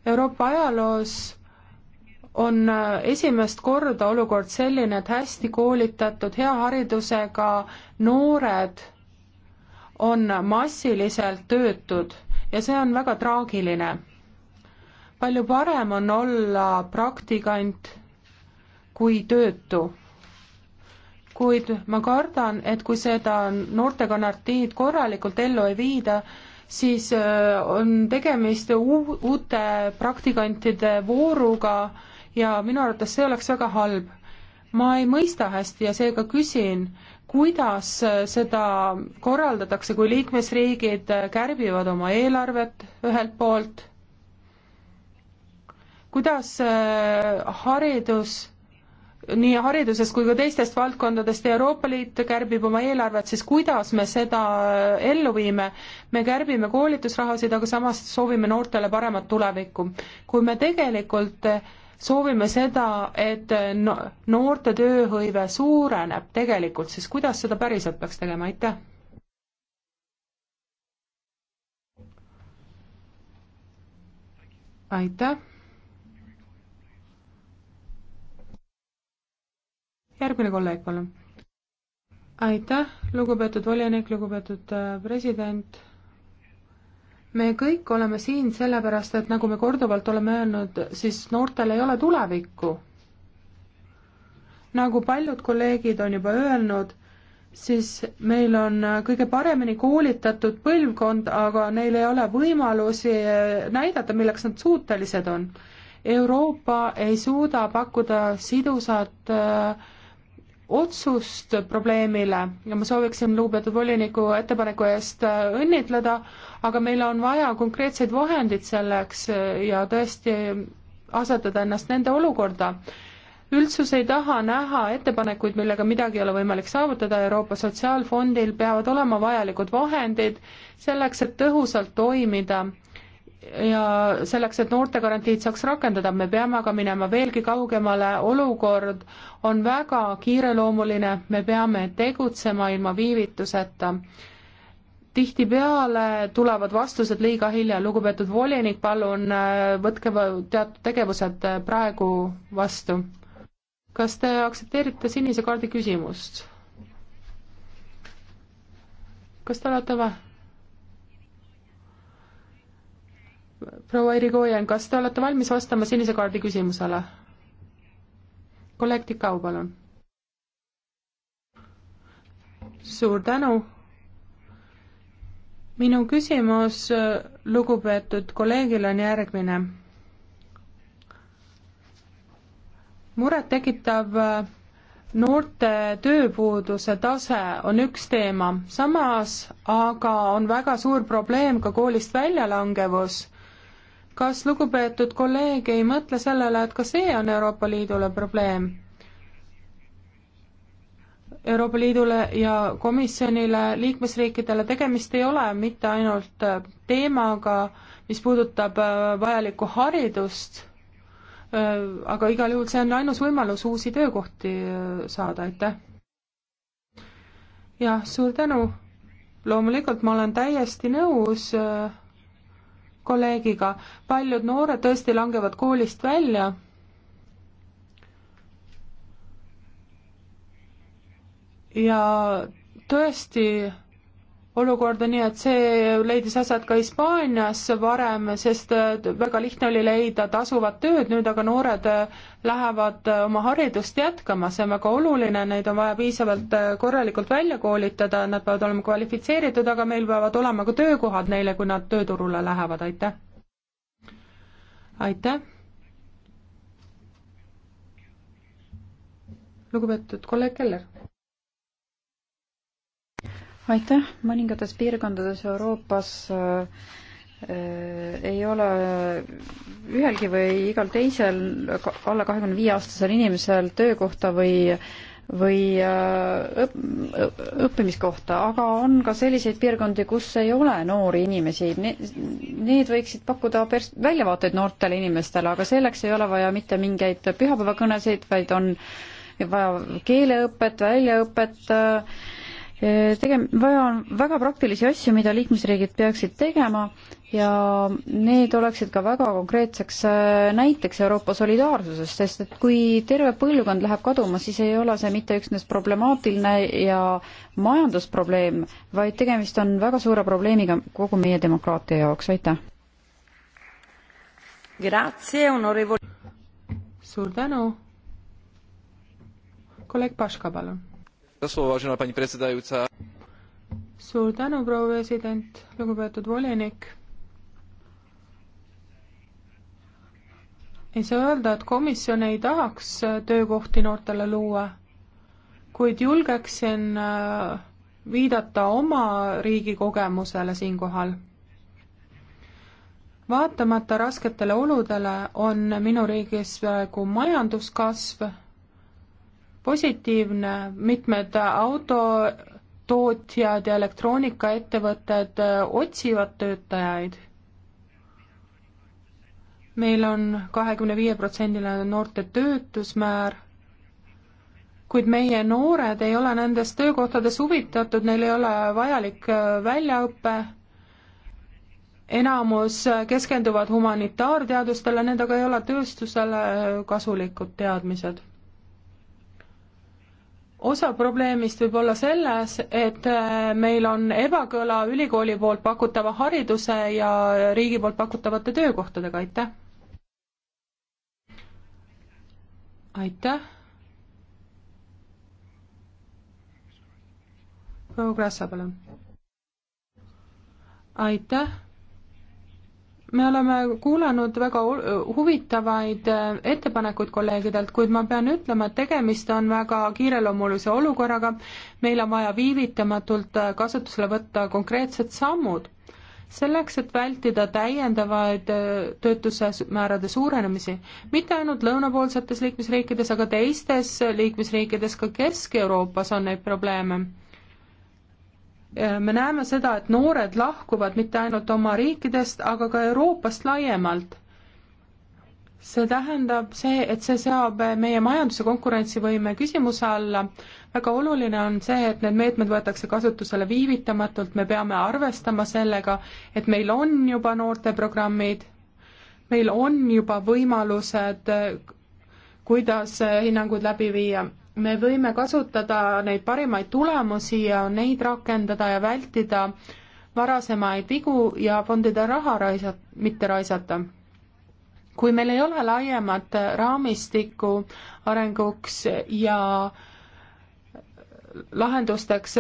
Euroopa ajaloos on äh, esimest korda olukord selline, et hästi koolitatud, hea haridusega noored on massiliselt töötud ja see on väga traagiline. palju parem on olla praktikant kui töötu. kuid ma kardan, et kui seda noortegarantiid korralikult ellu ei viida, siis äh, on tegemist uute praktikantide vooruga ja minu arvates see oleks väga halb. ma ei mõista hästi ja seega küsin, kuidas äh, seda korraldatakse, kui liikmesriigid äh, kärbivad oma eelarvet ühelt poolt, kuidas äh, haridus, nii haridusest kui ka teistest valdkondadest Euroopa Liit kärbib oma eelarvet, siis kuidas me seda ellu viime? me kärbime koolitusrahasid, aga samas soovime noortele paremat tulevikku. kui me tegelikult äh, soovime seda, et no, noorte tööhõive suureneb tegelikult, siis kuidas seda päriselt peaks tegema, aitäh! aitäh! järgmine kolleeg, palun. aitäh, lugupeetud volinik, lugupeetud äh, president me kõik oleme siin sellepärast, et nagu me korduvalt oleme öelnud, siis noortel ei ole tulevikku. nagu paljud kolleegid on juba öelnud, siis meil on kõige paremini koolitatud põlvkond, aga neil ei ole võimalusi näidata, milleks nad suutelised on. Euroopa ei suuda pakkuda sidusat äh, otsust probleemile ja ma sooviksin lugupeetud voliniku ettepaneku eest äh, õnnitleda, aga meil on vaja konkreetseid vahendeid selleks äh, ja tõesti asetada ennast nende olukorda. üldsus ei taha näha ettepanekuid, millega midagi ei ole võimalik saavutada, Euroopa Sotsiaalfondil peavad olema vajalikud vahendid selleks, et tõhusalt toimida ja selleks, et noortegarantiid saaks rakendada, me peame aga minema veelgi kaugemale, olukord on väga kiireloomuline, me peame tegutsema ilma viivituseta. tihtipeale tulevad vastused liiga hilja, lugupeetud volinik, palun äh, võtke teatud tegevused äh, praegu vastu. kas te aktsepteerite sinise kaardi küsimust? kas te olete või? proua Irigoyen, kas te olete valmis vastama sinise kaardi küsimusele? kolleeg Tikau, palun. suur tänu. minu küsimus lugupeetud kolleegile on järgmine. murettekitav äh, noorte tööpuuduse tase on üks teema, samas aga on väga suur probleem ka koolist väljalangevus kas lugupeetud kolleeg ei mõtle sellele, et ka see on Euroopa Liidule probleem? Euroopa Liidule ja komisjonile, liikmesriikidele tegemist ei ole mitte ainult äh, teemaga, mis puudutab äh, vajalikku haridust, äh, aga igal juhul see on ainus võimalus uusi töökohti saada, aitäh! jah, suur tänu! loomulikult ma olen täiesti nõus äh, kolleegiga, paljud noored tõesti langevad koolist välja. ja tõesti olukorda, nii et see leidis aset ka Hispaanias varem, sest äh, väga lihtne oli leida tasuvat tööd, nüüd aga noored äh, lähevad äh, oma haridust jätkama, see on väga oluline, neid on vaja piisavalt korralikult välja koolitada, nad peavad olema kvalifitseeritud, aga meil peavad olema ka töökohad neile, kui nad tööturule lähevad, aitäh! aitäh! lugupeetud kolleeg Keller aitäh, mõningates piirkondades Euroopas äh, äh ei ole äh, ühelgi või igal teisel alla kahekümne viie aastasel inimesel töökohta või või äh, õpp, õppimiskohta, aga on ka selliseid piirkondi, kus ei ole noori inimesi ne,. Need võiksid pakkuda pers-, väljavaateid noortele inimestele, aga selleks ei ole vaja mitte mingeid pühapäevakõnesid, vaid on vaja keeleõpet, väljaõpet äh,, tegem-, vaja on väga praktilisi asju, mida liikmesriigid peaksid tegema ja need oleksid ka väga konkreetseks äh, näiteks Euroopa solidaarsusest, sest et kui terve põlvkond läheb kaduma, siis ei ole see mitte üksnes problemaatiline ja majandusprobleem, vaid tegemist on väga suure probleemiga kogu meie demokraatia jaoks, aitäh! suur tänu! kolleeg Paška, palun suur tänu, proua president, lugupeetud volinik. ei saa öelda, et komisjon ei tahaks töökohti noortele luua, kuid julgeksin äh, viidata oma riigi kogemusele siinkohal vaatamata rasketele oludele on minu riigis praegu majanduskasv positiivne, mitmed autotootjad ja elektroonikaettevõtted äh, otsivad töötajaid. meil on kahekümne viie protsendine noorte töötusmäär, kuid meie noored ei ole nendest töökohtadest huvitatud, neil ei ole vajalik äh, väljaõpe, enamus äh, keskenduvad humanitaarteadustele, need aga ei ole tööstusele kasulikud teadmised osa probleemist võib olla selles, et äh, meil on ebakõla ülikooli poolt pakutava hariduse ja riigi poolt pakutavate töökohtadega, aitäh! aitäh! proua Krassa, palun! aitäh! me oleme kuulanud väga huvitavaid äh, ettepanekuid kolleegidelt, kuid ma pean ütlema, et tegemist on väga kiireloomulise olukorraga, meil on vaja viivitamatult äh, kasutusele võtta konkreetsed sammud. selleks, et vältida täiendavaid äh, töötuse määrade suurenemisi, mitte ainult lõunapoolsetes liikmesriikides, aga teistes liikmesriikides, ka Kesk-Euroopas on neid probleeme Äh, me näeme seda, et noored lahkuvad mitte ainult oma riikidest, aga ka Euroopast laiemalt. see tähendab see, et see seab meie majanduse konkurentsivõime küsimuse alla. väga oluline on see, et need meetmed võetakse kasutusele viivitamatult, me peame arvestama sellega, et meil on juba noorteprogrammid, meil on juba võimalused, äh, kuidas äh, hinnanguid läbi viia me võime kasutada neid parimaid tulemusi ja neid rakendada ja vältida varasemaid vigu ja fondide raha raisa-, mitte raisata. kui meil ei ole laiemat raamistikku arenguks ja lahendusteks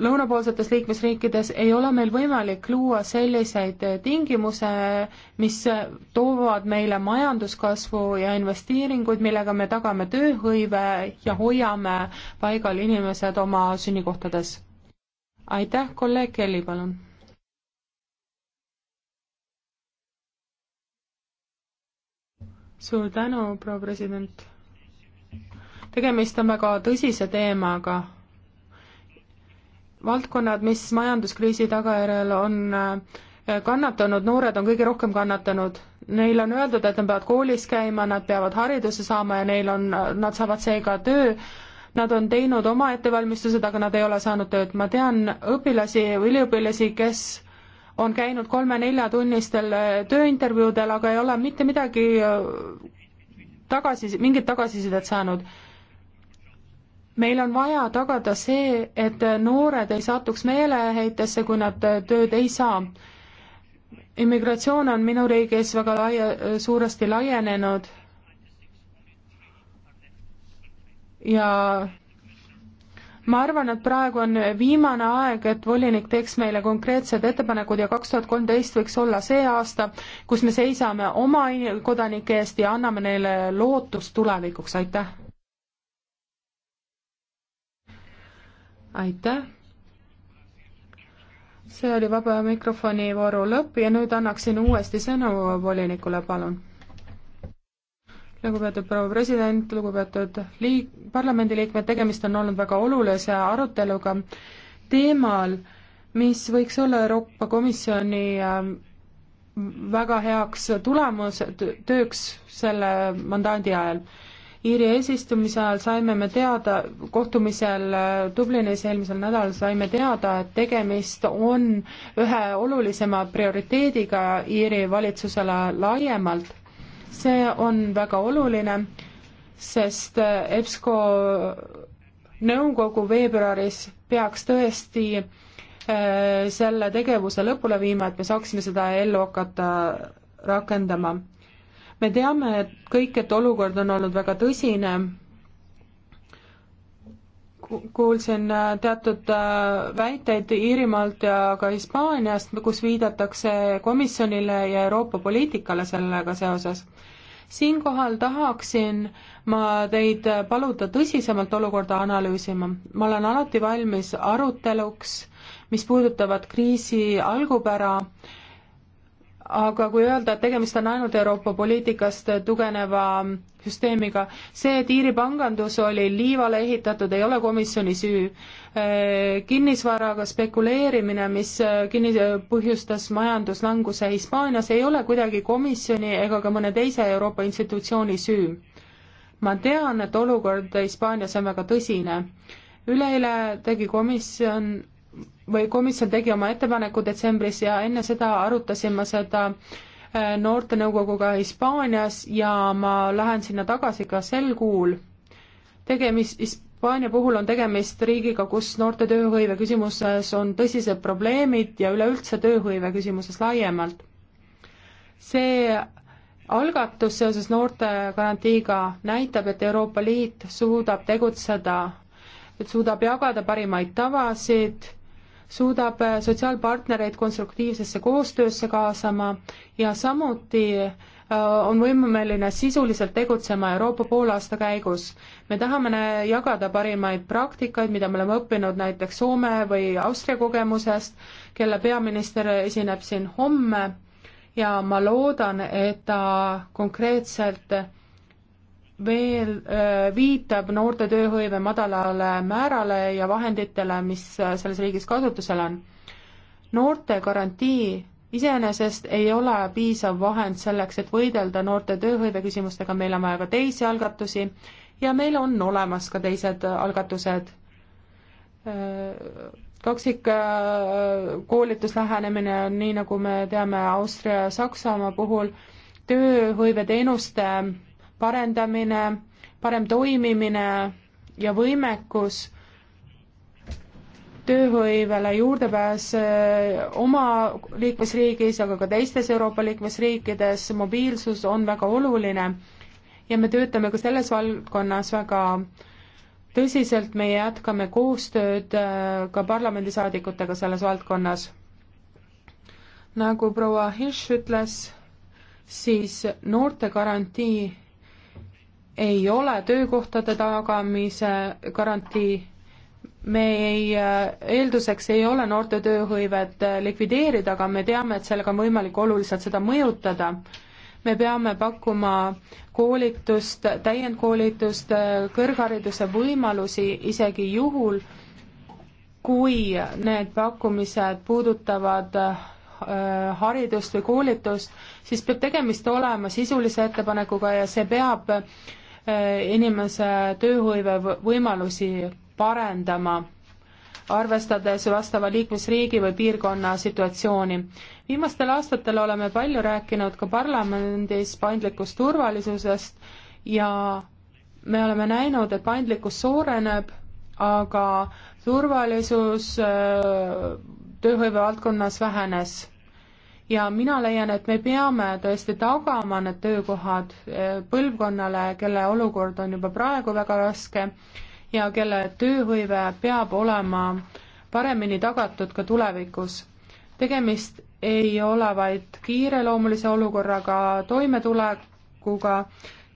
lõunapoolsetes liikmesriikides ei ole meil võimalik luua selliseid tingimuse, mis toovad meile majanduskasvu ja investeeringuid, millega me tagame tööhõive ja hoiame paigal inimesed oma sünnikohtades. aitäh, kolleeg Kelly, palun. suur tänu, proua president. tegemist on väga tõsise teemaga valdkonnad, mis majanduskriisi tagajärjel on äh, kannatanud, noored on kõige rohkem kannatanud. Neil on öeldud, et nad peavad koolis käima, nad peavad hariduse saama ja neil on, nad saavad seega töö, nad on teinud oma ettevalmistused, aga nad ei ole saanud tööd. ma tean õpilasi, üliõpilasi, kes on käinud kolme-neljatunnistel äh, tööintervjuudel, aga ei ole mitte midagi äh, tagasi, mingit tagasisidet saanud meil on vaja tagada see, et noored ei satuks meeleheitesse, kui nad äh, tööd ei saa. immigratsioon on minu riigis väga laia, suuresti laienenud ja ma arvan, et praegu on viimane aeg, et volinik teeks meile konkreetsed ettepanekud ja kaks tuhat kolmteist võiks olla see aasta, kus me seisame oma kodanike eest ja anname neile lootust tulevikuks, aitäh! aitäh! see oli vaba mikrofoni vooru lõpp ja nüüd annaksin uuesti sõna volinikule, palun. lugupeetud proua president, lugupeetud liik-, parlamendiliikmed, tegemist on olnud väga olulise aruteluga teemal, mis võiks olla Euroopa Komisjoni ähm, väga heaks tulemus, tööks selle mandaadi ajal Iiri eesistumise ajal saime me teada, kohtumisel äh, Dublinis eelmisel nädalal saime teada, et tegemist on ühe olulisema prioriteediga Iiri valitsusele laiemalt. see on väga oluline, sest äh, EBSCO nõukogu veebruaris peaks tõesti äh, selle tegevuse lõpule viima, et me saaksime seda ellu hakata rakendama me teame et kõik, et olukord on olnud väga tõsine, kuulsin äh, teatud äh, väiteid Iirimaalt ja ka Hispaaniast, kus viidatakse komisjonile ja Euroopa poliitikale sellega seoses. siinkohal tahaksin ma teid äh, paluda tõsisemalt olukorda analüüsima. ma olen alati valmis aruteluks, mis puudutavad kriisi algupära äh, aga kui öelda, et tegemist on ainult Euroopa poliitikast tugeneva süsteemiga, see, et Iiri pangandus oli liivale ehitatud, ei ole komisjoni süü. Äh, kinnisvaraga spekuleerimine, mis äh, kinni-, põhjustas majanduslanguse Hispaanias, ei ole kuidagi komisjoni ega ka mõne teise Euroopa institutsiooni süü. ma tean, et olukord Hispaanias on väga tõsine. üleeile tegi komisjon või komisjon tegi oma ettepaneku detsembris ja enne seda arutasin ma seda äh, noortenõukoguga Hispaanias ja ma lähen sinna tagasi ka sel kuul. tegemist, Hispaania puhul on tegemist riigiga, kus noorte tööhõive küsimuses on tõsised probleemid ja üleüldse tööhõive küsimuses laiemalt. see algatus seoses noortegarantiiga näitab, et Euroopa Liit suudab tegutseda, et suudab jagada parimaid tavasid suudab äh, sotsiaalpartnereid konstruktiivsesse koostöösse kaasama ja samuti äh, on võimeline sisuliselt tegutsema Euroopa poolaasta käigus. me tahame jagada parimaid praktikaid, mida me oleme õppinud näiteks Soome või Austria kogemusest, kelle peaminister esineb siin homme ja ma loodan, et ta konkreetselt veel äh, viitab noorte tööhõive madalale määrale ja vahenditele, mis äh, selles riigis kasutusel on. noorte garantii iseenesest ei ole piisav vahend selleks, et võidelda noorte tööhõive küsimustega, meil on vaja ka teisi algatusi ja meil on olemas ka teised äh, algatused. kaksikkoolituslähenemine on nii, nagu me teame Austria ja Saksamaa puhul, tööhõiveteenuste parendamine, parem toimimine ja võimekus tööhõivele juurdepääs eh, oma liikmesriigis, aga ka teistes Euroopa liikmesriikides, mobiilsus on väga oluline ja me töötame ka selles valdkonnas väga tõsiselt, me jätkame koostööd eh, ka parlamendisaadikutega selles valdkonnas. nagu proua Hirsch ütles, siis noortegarantii ei ole töökohtade tagamise garantii, me ei, eelduseks ei ole noorte tööhõivet likvideerida, aga me teame, et sellega on võimalik oluliselt seda mõjutada. me peame pakkuma koolitust, täiendkoolitust, kõrghariduse võimalusi isegi juhul, kui need pakkumised puudutavad äh, haridust või koolitust, siis peab tegemist olema sisulise ettepanekuga ja see peab Eh, inimese tööhõive võimalusi parendama, arvestades vastava liikmesriigi või piirkonna situatsiooni. viimastel aastatel oleme palju rääkinud ka parlamendis paindlikust turvalisusest ja me oleme näinud, et paindlikkus suureneb, aga turvalisus eh, tööhõive valdkonnas vähenes ja mina leian, et me peame tõesti tagama need töökohad eh, põlvkonnale, kelle olukord on juba praegu väga raske ja kelle tööhõive peab olema paremini tagatud ka tulevikus. tegemist ei ole vaid kiireloomulise olukorraga toimetulekuga,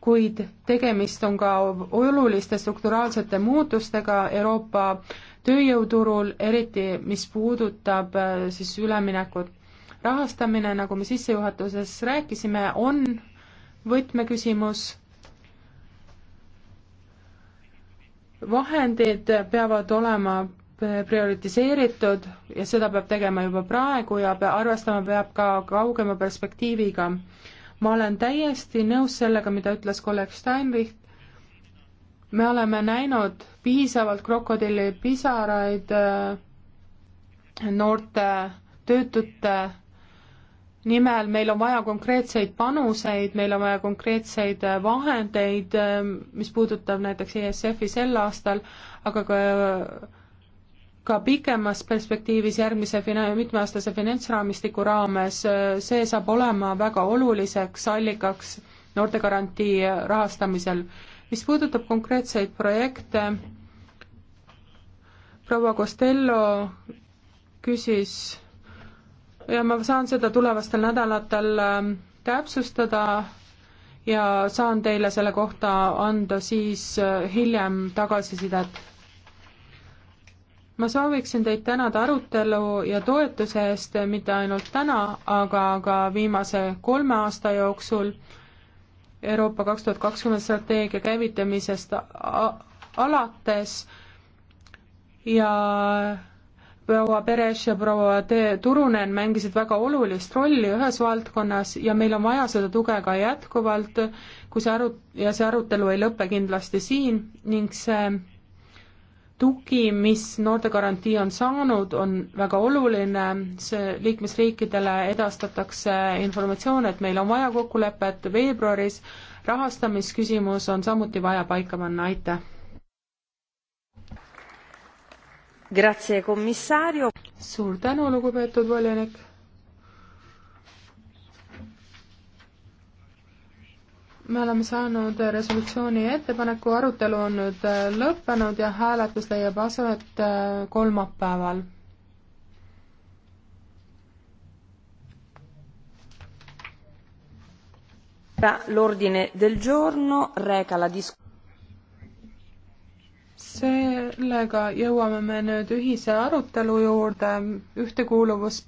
kuid tegemist on ka oluliste strukturaalsete muutustega Euroopa tööjõuturul, eriti mis puudutab eh, siis üleminekut rahastamine, nagu me sissejuhatuses rääkisime, on võtmeküsimus vahendid peavad olema prioritiseeritud ja seda peab tegema juba praegu ja pe arvestama peab ka kaugema perspektiiviga. ma olen täiesti nõus sellega, mida ütles kolleeg Steinrich. me oleme näinud piisavalt krokodillipisaraid äh, noorte töötute nimel meil on vaja konkreetseid panuseid, meil on vaja konkreetseid äh, vahendeid, ähm, mis puudutab näiteks ESF-i sel aastal, aga ka ka pikemas perspektiivis järgmise fina-, mitmeaastase finantsraamistiku raames, äh, see saab olema väga oluliseks allikaks noortegarantii äh, rahastamisel. mis puudutab konkreetseid projekte, proua Costello küsis ja ma saan seda tulevastel nädalatel ähm, täpsustada ja saan teile selle kohta anda siis äh, hiljem tagasisidet. ma sooviksin teid tänada arutelu ja toetuse eest äh, mitte ainult täna, aga ka viimase kolme aasta jooksul Euroopa kaks tuhat kakskümmend strateegia käivitamisest alates ja proua Peres ja proua T. Turunen mängisid väga olulist rolli ühes valdkonnas ja meil on vaja seda tuge ka jätkuvalt, kui see aru-, ja see arutelu ei lõpe kindlasti siin ning see tugi, mis noortegarantii on saanud, on väga oluline, see liikmesriikidele edastatakse informatsioon, et meil on vaja kokkulepet veebruaris, rahastamisküsimus on samuti vaja paika panna, aitäh! Grazie, komissario. suur tänu, lugupeetud volinik. me oleme saanud resolutsiooni ettepaneku, arutelu on nüüd lõppenud ja hääletus leiab aset kolmapäeval. L'ordine del giorno reca la discussione sellega jõuame me nüüd ühise arutelu juurde ühtekuuluvus